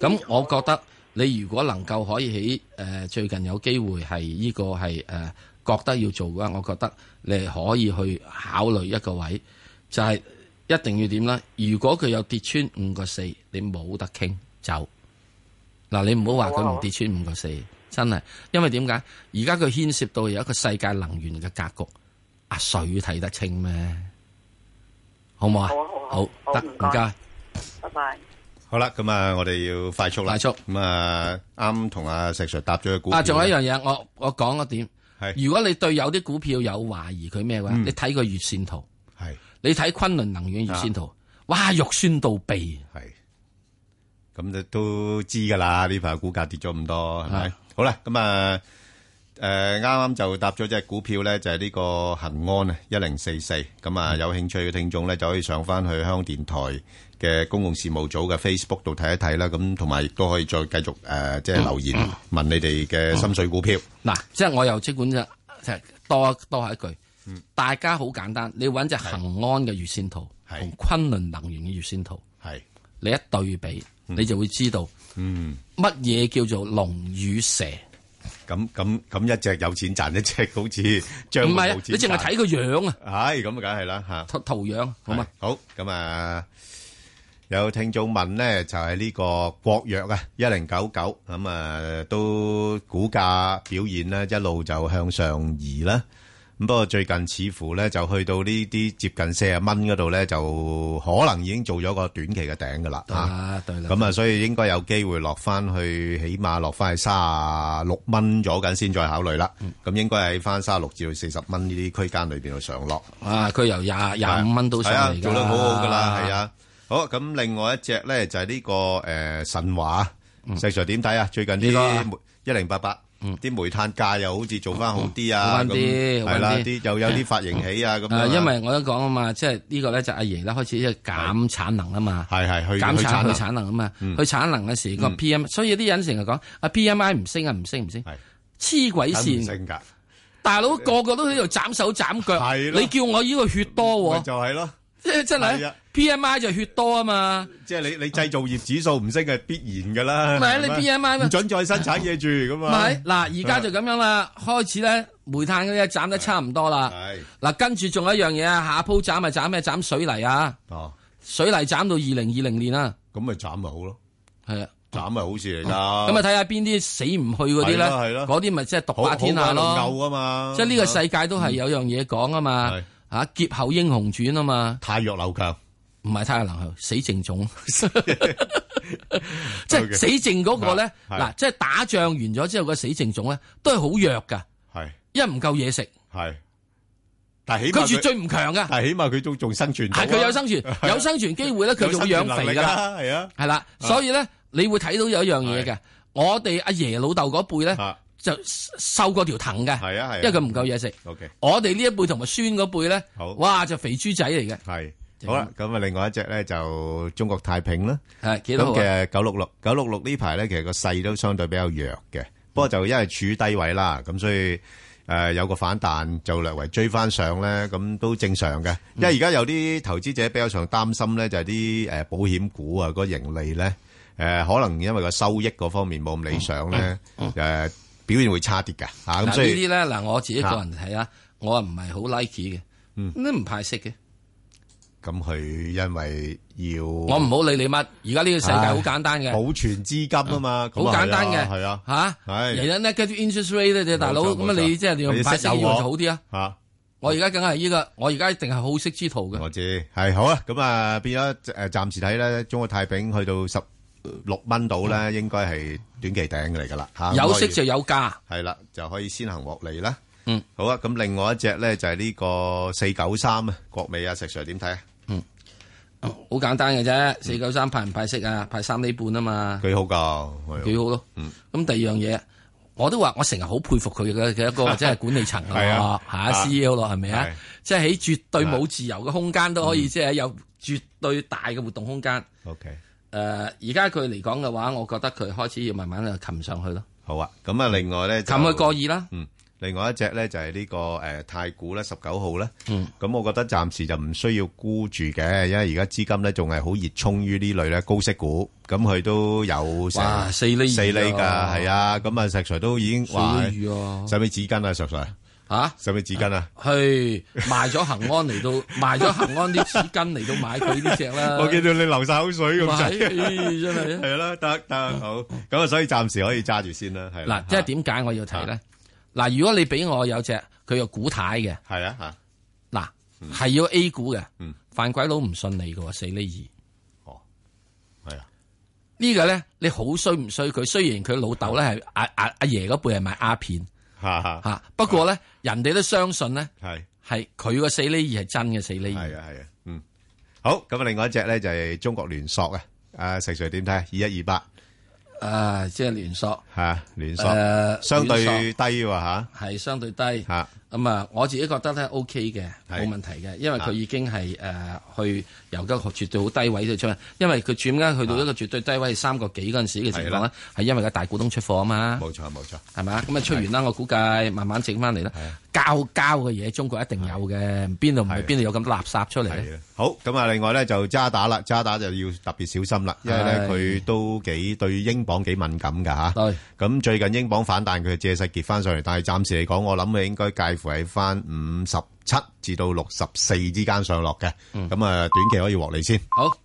咁我覺得你如果能夠可以喺誒、呃、最近有機會係呢個係誒、呃、覺得要做嘅話，我覺得你可以去考慮一個位，就係、是、一定要點呢？如果佢有跌穿五個四，你冇得傾走。嗱，你唔好話佢唔跌穿五個四。真係，因為點解？而家佢牽涉到有一個世界能源嘅格局，阿、啊、水睇得清咩？好唔好，好啊？好啊，好得唔該，拜拜。好啦，咁啊，我哋要快速啦。快速咁啊，啱同阿石 Sir 答咗個股。啊，仲有一樣嘢，我我講一點。係是如果你對有啲股票有懷疑，佢咩話？嗯、你睇個月線圖，係是你睇昆侖能源月線圖，是哇，哇，哇，肉酸，酸到鼻。係。咁就都知噶啦，呢排股價跌咗咁多，係咪？好啦，咁啊，誒，啱啱就搭咗隻股票咧，就係呢個恒安啊，一零四四。咁啊，有興趣嘅聽眾咧，就可以上翻去香港電台嘅公共事務組嘅 Facebook 度睇一睇啦。咁同埋亦都可以再繼續誒，即係留言問你哋嘅深水股票。嗱，即係我又即管就多多下一句，大家好簡單，你搵隻恒安嘅月線圖同昆侖能源嘅月線圖，係你一對比，你就會知道，嗯，乜嘢叫做龍與蛇？咁咁咁一隻有錢賺，一隻好似，唔係，你淨係睇個樣啊？係咁啊，梗係啦嚇，圖樣好嘛？好咁啊，有聽眾問咧，就係、是、呢個國藥啊，一零九九咁啊，都股價表現啦，一路就向上移啦。咁不過最近似乎咧就去到呢啲接近四十蚊嗰度咧，就可能已經做咗個短期嘅頂噶啦。啊，對啦。咁啊，所以應該有機會落翻去，起碼落翻去三十六蚊咗緊，先再考慮啦。咁應該喺翻三十六至到四十蚊呢啲區間裏邊去上落。啊，佢由廿廿五蚊到上嚟，做得好好噶啦，係啊。好，咁另外一隻咧就係呢個誒神華，石 Sir 點睇啊？最近呢個一零八八。啲煤炭價又好似做翻好啲啊，係啦，啲又有啲發型起啊咁。啊，因為我都講啊嘛，即係呢個咧就阿爺咧開始即係減產能啊嘛，係係去減產去產能啊嘛，去產能嘅時個 PM，所以啲人成日講啊 PMI 唔升啊唔升唔升，黐鬼線。大佬個個都喺度斬手斬腳，你叫我呢個血多喎，就係咯，真係。P M I 就血多啊嘛，即係你你製造業指數唔升係必然噶啦。唔係你 P M I 唔准再生產嘢住咁啊。係嗱，而家就咁樣啦，開始咧煤炭嗰啲斬得差唔多啦。係嗱，跟住仲有一樣嘢啊，下鋪斬咪斬咩？斬水泥啊，哦，水泥斬到二零二零年啊。咁咪斬咪好咯，係啊，斬咪好事嚟噶。咁啊，睇下邊啲死唔去嗰啲咧，係咯，嗰啲咪即係獨霸天下咯。啊嘛，即係呢個世界都係有樣嘢講啊嘛，吓劫後英雄傳啊嘛，太弱扭強。唔係太陽能，死剩種，即係死剩嗰個咧。嗱，即係打仗完咗之後，個死剩種咧都係好弱噶，係，因為唔夠嘢食。係，但起佢絕對唔強嘅。但起碼佢都仲生存。係，佢有生存，有生存機會咧。佢仲養肥㗎，係啊，係啦。所以咧，你會睇到有一樣嘢嘅。我哋阿爺老豆嗰輩咧就瘦過條藤嘅，係啊，係，因為佢唔夠嘢食。O K，我哋呢一輩同埋孫嗰輩咧，哇，就肥豬仔嚟嘅。係。好啦，咁啊，另外一隻咧就中國太平啦，咁嘅九六六九六六呢排咧，其實個勢都相對比較弱嘅，不過就因為處低位啦，咁所以誒有個反彈就略為追翻上咧，咁都正常嘅。因為而家有啲投資者比較常擔心咧，就係啲誒保險股啊，個盈利咧，誒可能因為個收益嗰方面冇咁理想咧，誒表現會差啲噶吓。咁所以呢啲咧嗱，我自己個人睇啊，我唔係好 like 嘅，都唔派息嘅。咁佢因為要我唔好理你乜，而家呢個世界好簡單嘅，保存資金啊嘛，好簡單嘅，係啊，吓，而家 negative interest rate 咧，大佬，咁啊，你即係你要擺啲嘢就好啲啊，吓，我而家梗係依個，我而家一定係好息之徒嘅，我知係好啊，咁啊，變咗誒，暫時睇咧，中國太平去到十六蚊度咧，應該係短期頂嚟噶啦，吓，有息就有價，係啦，就可以先行獲利啦，嗯，好啊，咁另外一隻咧就係呢個四九三啊，國美啊，石 Sir 點睇啊？好簡單嘅啫，四九三派唔派息啊？派三厘半啊嘛，幾好噶，幾好咯。咁第二樣嘢，我都話我成日好佩服佢嘅嘅一個或者係 管理層嘅話，係啊，C E O 咯，係咪啊？即係喺絕對冇自由嘅空間都可以，即係有絕對大嘅活動空間。嗯、OK，誒、呃，而家佢嚟講嘅話，我覺得佢開始要慢慢啊擒上去咯。好啊，咁啊，另外咧，擒佢過意啦。嗯另外一隻咧就係呢個誒太古咧十九號咧，咁我覺得暫時就唔需要沽住嘅，因為而家資金咧仲係好熱衷於呢類咧高息股，咁佢都有成四厘四厘㗎，係啊，咁啊石財都已經話使咩紙巾啊，石財嚇？使咩紙巾啊？係賣咗恒安嚟到賣咗恒安啲紙巾嚟到買佢呢隻啦。我見到你流曬口水咁滯，真係係啦，得得好，咁啊所以暫時可以揸住先啦。係啦，嗱，即係點解我要提咧？嗱，如果你俾我有隻佢個古太嘅，係啊吓，嗱係要 A 股嘅，嗯，犯鬼佬唔信你嘅喎，四厘二，哦，係啊，呢、這個咧你好衰唔衰？佢雖然佢老豆咧係阿阿阿爺嗰輩係賣鴉片，吓吓吓，不過咧、啊、人哋都相信咧，係係佢個四厘二係真嘅四厘二，係啊係啊，嗯，好，咁另外一隻咧就係、是、中國聯塑啊，阿成瑞點睇二一二八？啊，即係連鎖嚇、啊，連鎖誒，相對低喎嚇，係相對低嚇。咁啊、嗯，我自己覺得咧 OK 嘅，冇是問題嘅，因為佢已經係誒、啊呃、去由一個絕對好低位出去。因為佢轉間去到一個絕對低位三個幾嗰陣時嘅情況咧，係、啊、因為個大股東出貨啊嘛。冇錯，冇錯，係嘛？咁啊，出完啦，我估計慢慢整翻嚟啦。交交嘅嘢，中國一定有嘅，邊度唔係，邊度有咁多垃圾出嚟咧？好，咁啊，另外咧就渣打啦，渣打就要特別小心啦，因為咧佢都幾對英鎊幾敏感㗎嚇。咁的最近英鎊反彈，佢借勢結翻上嚟，但係暫時嚟講，我諗佢應該介乎喺翻五十七至到六十四之間上落嘅。咁啊、嗯，短期可以獲利先。好。